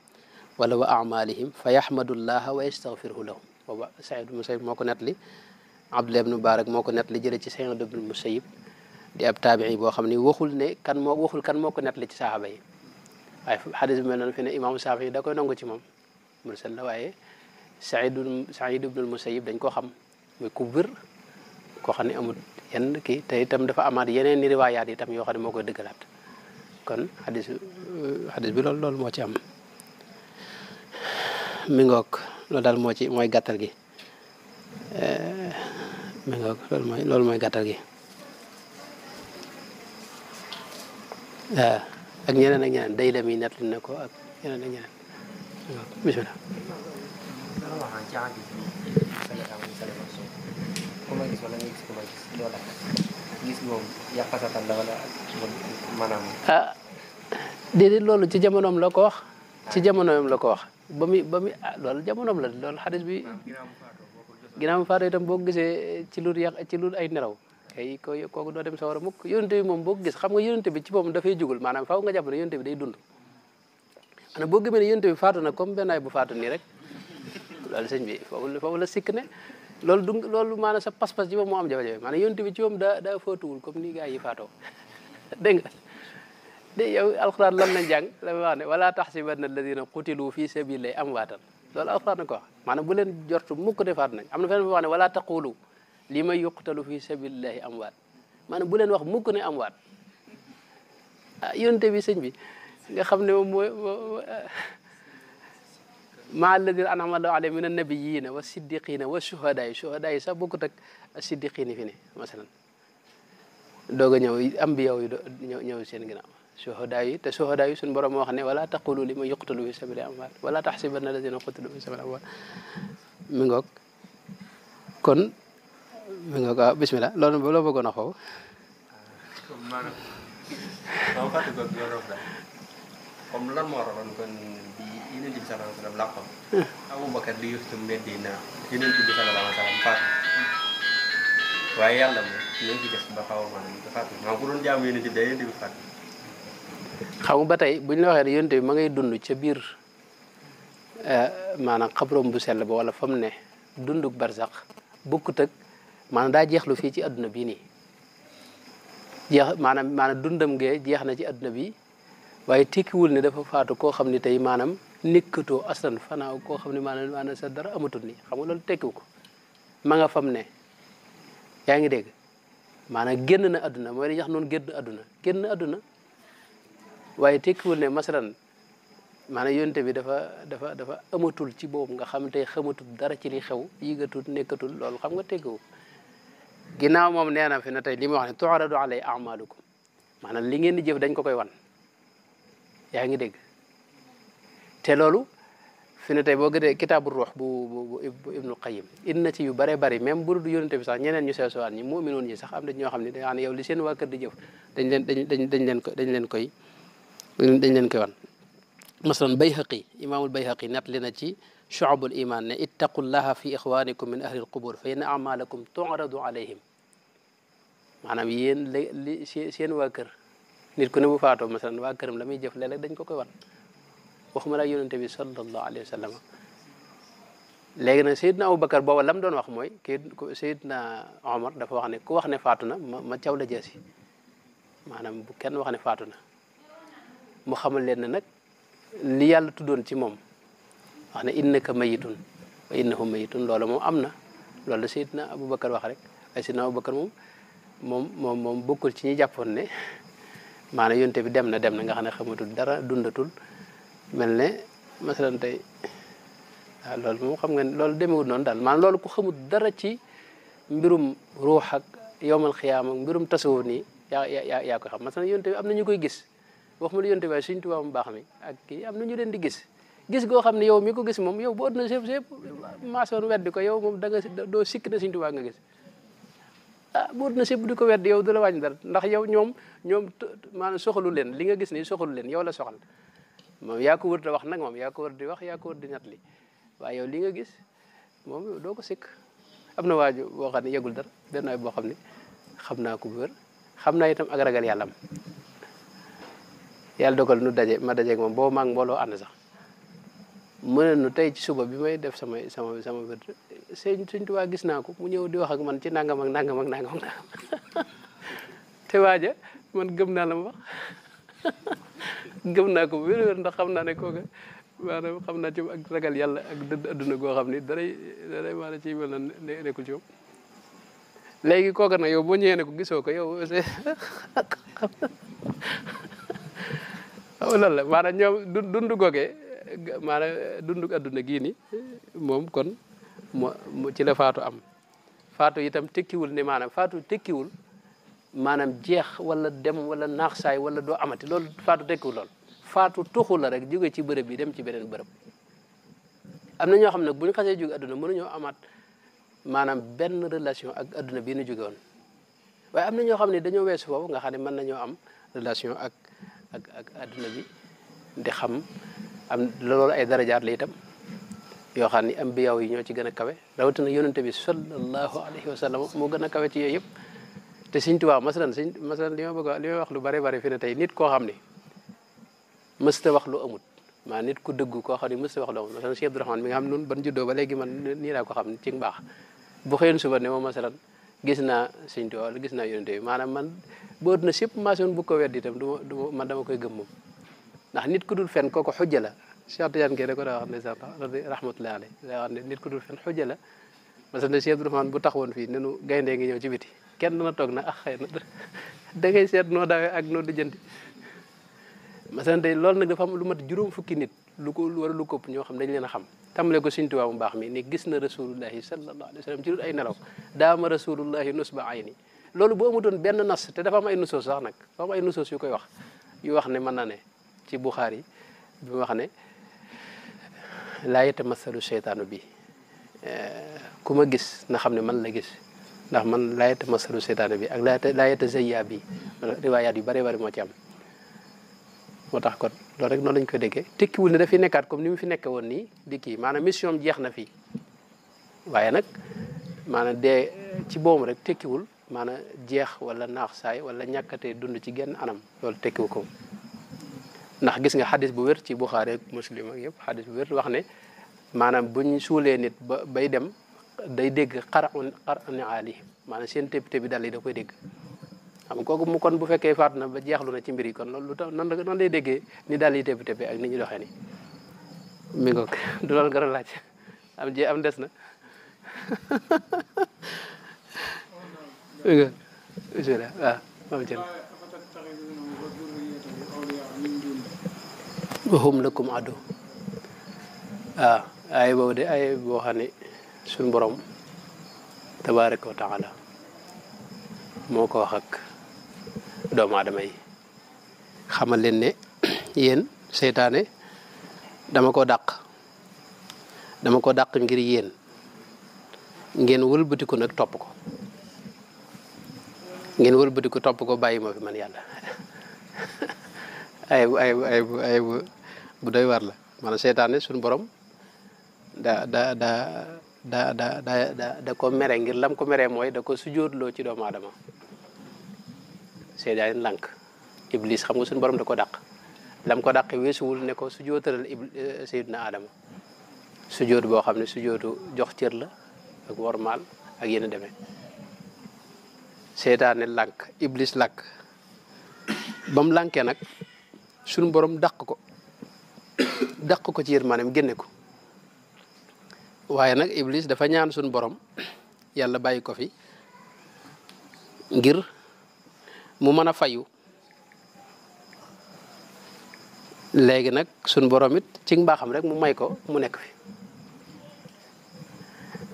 wala wa amaalihim fa yaxmadullaha wa yastaxfiruhu lahum booba Saïd ibnul Musayyib moo ko nettali Abdullah ibn Mubarak moo ko li jëlee ci Saïd ibn Musayyib di ab taabi'i boo xam ni waxul ne kan moo waxul kan moo ko nettali ci saxaaba yi waaye xadis bi mel noonu fi ne imaamu yi da koy nangu ci moom mursal la waaye Saïd Saïd ibn Musayyib dañ ko xam muy ku wér koo xam ne amul yenn kii te itam dafa amaat yeneen i riwaayaat yi tam yoo xam ne moo koy dëggalaat kon xadis xadis bi loolu loolu moo ci am mi ngoog loolu daal moo ci mooy gàttal gi eh, mi nga loolu mooy loolu mooy gàttal gi waaw ah, ak ñeneen ak ñeneen day dem yi netlu ne ko ak ñeneen ak ñeneen bismillah kuma gis ah déedéet loolu ci jamonoom la ko wax ci jamonoom la ko wax ba muy ba muy ah, loolu jamonoom la loolu bi ginnaaw faatoo itam boo gisee ci lu yàq ci lu ay neraw ay ko kooku doo dem sa war a mukk bi moom boo gis xam nga yonente bi ci moom dafay jugul maanaam faaw nga jàpp ne yonente day dund ana boo gëmee ne bi faatu na comme bennaay bu faatu nii rek loolu sëñ bi foofu la sikk ne loolu du loolu maanaam sa pas-pas ci mo moo am jafe-jafe maanaam yonente bi ci moom daa daa faatuwul comme ni gars yi faatoo dégg nga de yow alxuraan lan lañ jàng la wax ne wala taxsibanna alladina qutilu fi am amwaatan loolu alxuraan na ko wax maanaam bu leen jortu mukk defaat nañ am na feneen fi wax ne wala taqulu li may yuqtalu fi sabilillahi amwaat maanaam bu leen wax mukk ne amwaat ah yonte bi sëñ bi nga xam ne moom mooy maa alladina anama allahu alayhim min annabiyina wa siddiqina wa shuhada yi shuhada yi sax bokkut ak siddiqini fi ne masalan doog a ñëw ambiyaw yi ñëw ñëw seen ginnaaw shuhada te shuhada sun borom wax ne wala taqulu li yuqtalu fi sabili amwal wala tahsibanna alladhina qutilu fi sabili amwal mi ngok kon mi ngok ah, bismillah lolu bo lo bëggoon xow xaw lan moo waraloon kon bi yeneen hmm. Di sallallahu Abu Bakar di yëftu Medina def ba xaw ko day xam nga ba tey bu la waxee ne yonte bi ma ngay dund ca biir eh, maanaam xabroom bu sell ba wala fa mu ne dunduk barsax bukkut ak maanaam daa jeexlu fii ci adduna bii nii jeex maanaam maanaam dundam gee jeex na ci adduna bi waaye tekkiwul ne dafa faatu koo xam ne tey maanaam nekkatoo aslan fanaaw koo xam ne maanaam maanaam sa dara amatul nii xam nga loolu tekkiwu ko ma nga fam ne yaa ngi dégg maanaam génn na adduna mooy li ñuy wax noonu génn adduna génn adduna waaye tekkiwul ne masalan maanaam yonte bi dafa dafa dafa amatul ci boobu nga xam tey xamatul dara ci li xew yëgatul nekkatul loolu xam nga teggewu ginnaaw moom nee na fi na tey li muy wax ne tuaradu alay amalukum maanaam li ngeen di jëf dañ ko koy wan yaa ngi dégg te loolu fi ne tey boo gëdee kitaabu ruux bu bu ibnu qayim inna ci yu bare bari même bu dul yonente bi sax ñeneen ñu seesuwaan ñi muminoon ñi sax am na ñoo xam ne da xam yow li seen waa kër di jëf dañ leen dañ dañ leen ko dañ leen koy dañ leen koy wan masalan bayhaqi imam al bayhaqi nettali leena ci al iman ne ittaqullaha fi ikhwanikum min ahli al qubur fa inna amalakum tu'radu alayhim manam yéen seen wa kër nit ko ne bu faato masalan wa këram la jëf léeg-léeg dañ ko koy wan waxuma la yonente bi sallallahu alayhi wasallam sallam léegi nag Seydina Aboubacar booba lam doon wax mooy kii Seydina Omar dafa wax ne ku wax ne faatu na ma ma caw la jeesi maanaam bu kenn wax ne faatu na mu xamal leen ne nag li yàlla tuddoon ci moom wax ne innaka mayitun wa innahum mayitun loolu moom am na loolu la Seydina Aboubacar wax rek waaye Seydina Aboubacar moom moom moom moom bokkul ci ñi jàppoon ne maanaam yonte bi dem na dem na nga xam ne xamatul dara dundatul mel ne masalan tey waaw loolu moom xam nga ne loolu demewul noonu daal maanaam lool ku xamul dara ci mbirum ruux ak yowmal xiyaam ak mbirum tasawuf nii yaa yaa yaa ko xam masalan yonte bi am na ñu koy gis wax ma lu yonte waaye Sëriñ Tuubaa mu baax mi ak kii am na ñu leen di gis gis goo xam ne yow mi ko gis moom yow bu ëtt na sépp sépp maasoon weddi ko yow moom da nga doo sikk na Sëriñ nga gis ah na sépp di ko weddi yow du la wàññi ndax yow ñoom ñoom maanaam soxalu leen li nga gis ni soxalu leen yow la soxal moom yaa ko wër di wax nag moom yaa ko di wax yaa ko wër di nettali waaye yow li nga gis moom doo ko sikk am na waaju boo xam ne yegul dara benn waay boo xam ne xam naa ko bu xam na itam ak ragal yàlla yàlla dogal nu daje ma dajeeg moom boo maag mbooloo ànd sax mu ne nu tey ci suba bi may def samay sama sama wér sëñ sëñ Tuubaa gis naa ko mu ñëw di wax ak man ci nangam ak nangam ak nangam ak nangam te waaja man gëm naa la ma wax gëm naa ko bu wér-wér ndax xam naa ne kooka maanaam xam naa ci ak ragal yàlla ak dëdd adduna goo xam ni daray daray maanaam ciy mel na nekkul ci yow léegi kooka nag yow boo ñëwee ne ko gisoo ko yow xam la maanaam ñoom dund goge maanaam dund adduna gii ni moom kon mu ci la faatu am faatu itam tekkiwul ni mana faatu tekkiwul maanaam jeex wala dem wala naax saay wala do amati loolu faatu tekkiwul lool faatu tuxu la rek jóge ci bërëb bi dem ci beneen bërëb am na ñoo xam ne bu ñu xasee jóge adduna mënuñoo amaat relation ak adduna bii nu jóge woon waaye am na ñoo xam ne dañoo weesu foofu nga xam mën am relation ak ak ak adduna bi di xam am loolu ay darajaat lay itam yoo xam ni ambiyaw yi ñoo ci gën a kawe rawatina yonente bi sallallahu alayhi wa sallam moo gën a kawe ci yooyu yëpp te Sëñ Tuubaa masalan sëñ masalan li ma bëgg li lu bare bare fi ne tey nit koo xam ni mësta wax lu amut maa nit ku dëggu xam ni mësta wax lu amut masalan Cheikh Abdourahmane xam ne nun ban juddoo ba léegi man nii laa ko xam ci mbaax bu xëyoon suba ne moom masalan gis naa sëñ Tuubaa wala gis naa yonente bi maanaam man boo na sépp maasoon bu ko weddi itam du ma du ma man dama koy gëm moom ndax nit ku dul fen kooku ko la Cheikh Tidiane Gueye da ko daa wax ndeysaan rahmatullahi alayhi daa wax ne nit ku dul fen xujja bu taxawoon fii nenu gayndee ngi ñëw ci biti kenn dana toog na ah xëy na da ngay seet noo daawee ak noo lijjanti masan day loolu nag dafa am lu mat juróom fukki nit lu ko wara lu këpp ñoo xam dañ leen a xam tàmbale ko Sëriñ Tuubaa bu baax mi ni gis na rasulullahi sallallahu alayhi wa sallam ci dul ay nelaw daama rasulullahi nusba ayni loolu bu toon benn nas te dafa am ay nusoos sax nag dafa am ay nusoos yu koy wax yu wax ne mën na ne ci Buxaari bi mu wax ne laa yatamasalu seytaanu bi eh, ku ma gis na xam ne man la gis ndax man laa yatamasalu seytaanu bi ak laa yata zayya bi riwaayaat yu bare bare moo ci motax kon lo rek non lañ ko déggee tekkiwul ne fi nekkat comme ni mu fi nekke won ni di kii mission jeex na fi waaye nak manam dé ci boobu rek wul manam jeex wala nax say wala ñàkkatee dund ci genn anam lol tekkiwu wuko ndax gis nga hadith bu wër ci bukhari ak muslim ak yépp hadith bu wër wax né manam buñ suulee nit ba bay dem day dégg xaraun xaraun ali maanaam seen tëb bi dal li da koy dégg xam nga kon bu fekkee faatu na ba jeexlu na ci mbir kon loolu lu tax déggee ni daal yi tepp tepp ak ni ñu doxee ni mi ngoog du loolu nga laaj am des na mi ngoog bismilla waaw mam jën waxum lëkkum boobu de ay boo xam ne borom tabaraka wa taala moo ko wax doomu aadama yi xamal leen ne yéen seytaane dama ko dàq dama ko dàq ngir yéen ngeen wëlbatiku nag topp ko ngeen wëlbatiku topp ko bàyyi ma fi man yàlla ay ay ay ay bu bu doy war la man seytaane suñ borom da da da da da da da ko mere ngir lam ko mere mooy da ko sujóotloo ci doomu aadama seedaan lank iblis xam nga suñu borom da ko dàq lam ko dàq weesuwul ne ko su jootaral eh, sayidna adama su joot boo xam ne su jootu jox cër la ak wormaal ak demee seetaane lank iblis lak bam lànkee nag suñu borom dàq ko dàq ko ci yërmaanem génne ko waaye nag iblis dafa ñaan suñu borom yàlla bàyyi ko fi ngir mu mën fayu léegi nag sun borom it ci mbaaxam rek mu may ko mu nekk fi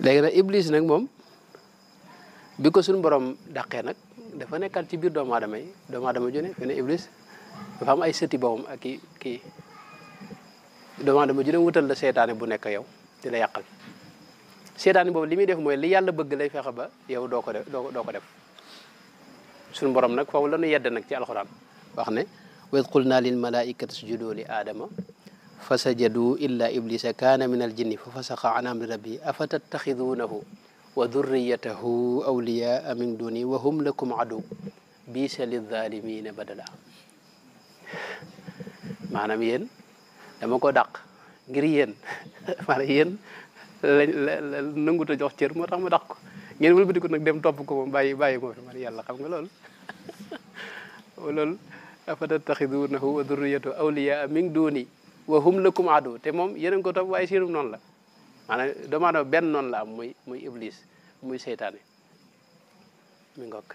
léegi nag iblis nag moom bi ko sun borom dàqee nag dafa nekkal ci biir doomu aadama yi doomu aadama fi ne iblis dafa am ay sëti boppam ak kii kii doomu aadama wutal la seetaane bu nekk yow di la yàqal seetaane boobu li muy def mooy li yàlla bëgg lay fexe ba yow doo def doo def سن بروم نك فاول لا يد نك تي القران واخني واذ قلنا للملائكه اسجدوا لادم فسجدوا الا ابليس كان من الجن ففسق عن امر ربي افتتخذونه وذريته اولياء من دوني وهم لكم عدو بيس للظالمين بدلا manam yen dama ko dak ngir yen mara yen nanguta jox cer mo tax mu dak ngeen wëlbati ko nag dem topp ko moom bàyyi bàyyi ko fi man yàlla xam nga loolu loolu afatattaxiduunahu wa durriyatahu awliyaa min duuni wa hum lakum adu te moom yéen a ngi ko topp waaye séenum noonu la maanaam benn noonu la am muy muy muy seytaane mi ngokk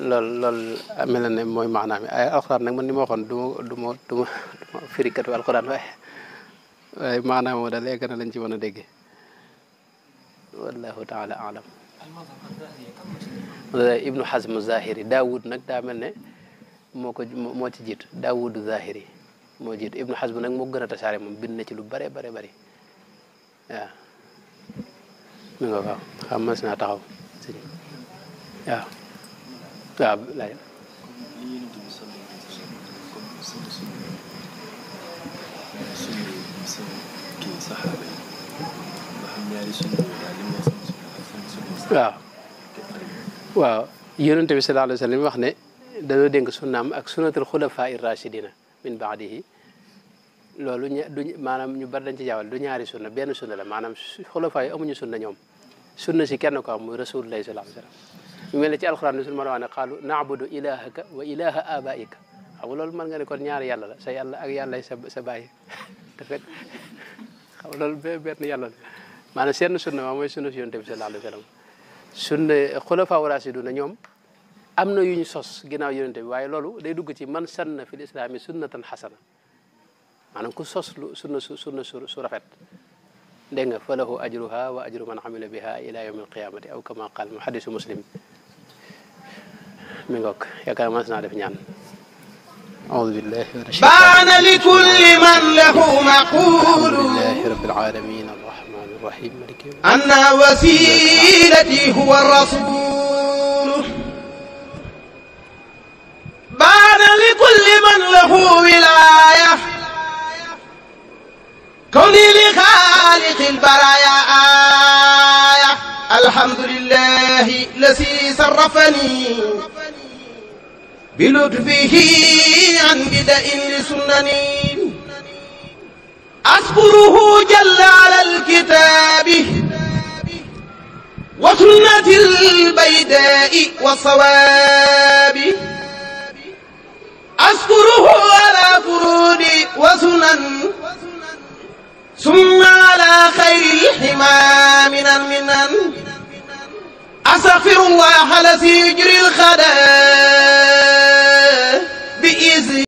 na ne mooy maanaam ay alxuraan nag man ma waxoon du ma du ma alxuraan waaye waaye maanaam moo da léegi na lañ ci mën a déggee wallahu taala alam ibnu xasm zahiri daawud nag daa mel ne moo ko moo ci jiitu daawud zahiri moo jiit ibnu xasm nag moo gën a tasaare moom bin na ci lu bare bare bëri waaw mi nga waaw xam mas naa taxaw أن يونس صلى الله عليه وسلم واخني دا دو دنگ سنام اك سنه الخلفاء الراشدين أن بعده لولو مانام ني بار دنج جاوال دو نياري سنه بن سنه لا مانام خلفاء امو ني سنه نيوم سنه سي كين كو مو رسول الله صلى أن عليه وسلم ميل تي القران رسول الله وانا قالوا نعبد الهك واله ابائك خاو لول مان غاني كون نياار يالا سا يالا اك يالا سا باي تفك أن لول بي بن يالا maanaam seen sunna ma mooy sunna yonent bi sallallahu alayhi wa sallam sunna xulafa rasiduna ñoom am na yu ñu sos ginnaaw yonent bi waaye loolu day dugg ci man sanna fil islami sunnatan xasana maanaam ku sos lu sunna su sunna su su rafet dégg nga fa lahu ajruha wa ajru man amila biha ila yawmi alqiyamati aw kama qaal mu hadisu muslim mi ngoog yaakaar mas naa def ñaan أعوذ بالله من الشيطان بان لكل من له مقول الحمد لله رب العالمين الرحيم أنا وسيلتي هو الرسول بان لكل من له ولاية كوني لخالق البرايا آية الحمد لله الذي صرفني بلطفه عن بدء لسنني أصبره جل على الكتاب وسنة البيداء والصواب أصبره على فرود وسنن ثم على خير الحمى من المنن أستغفر الله الذي يجري الخدا بإذن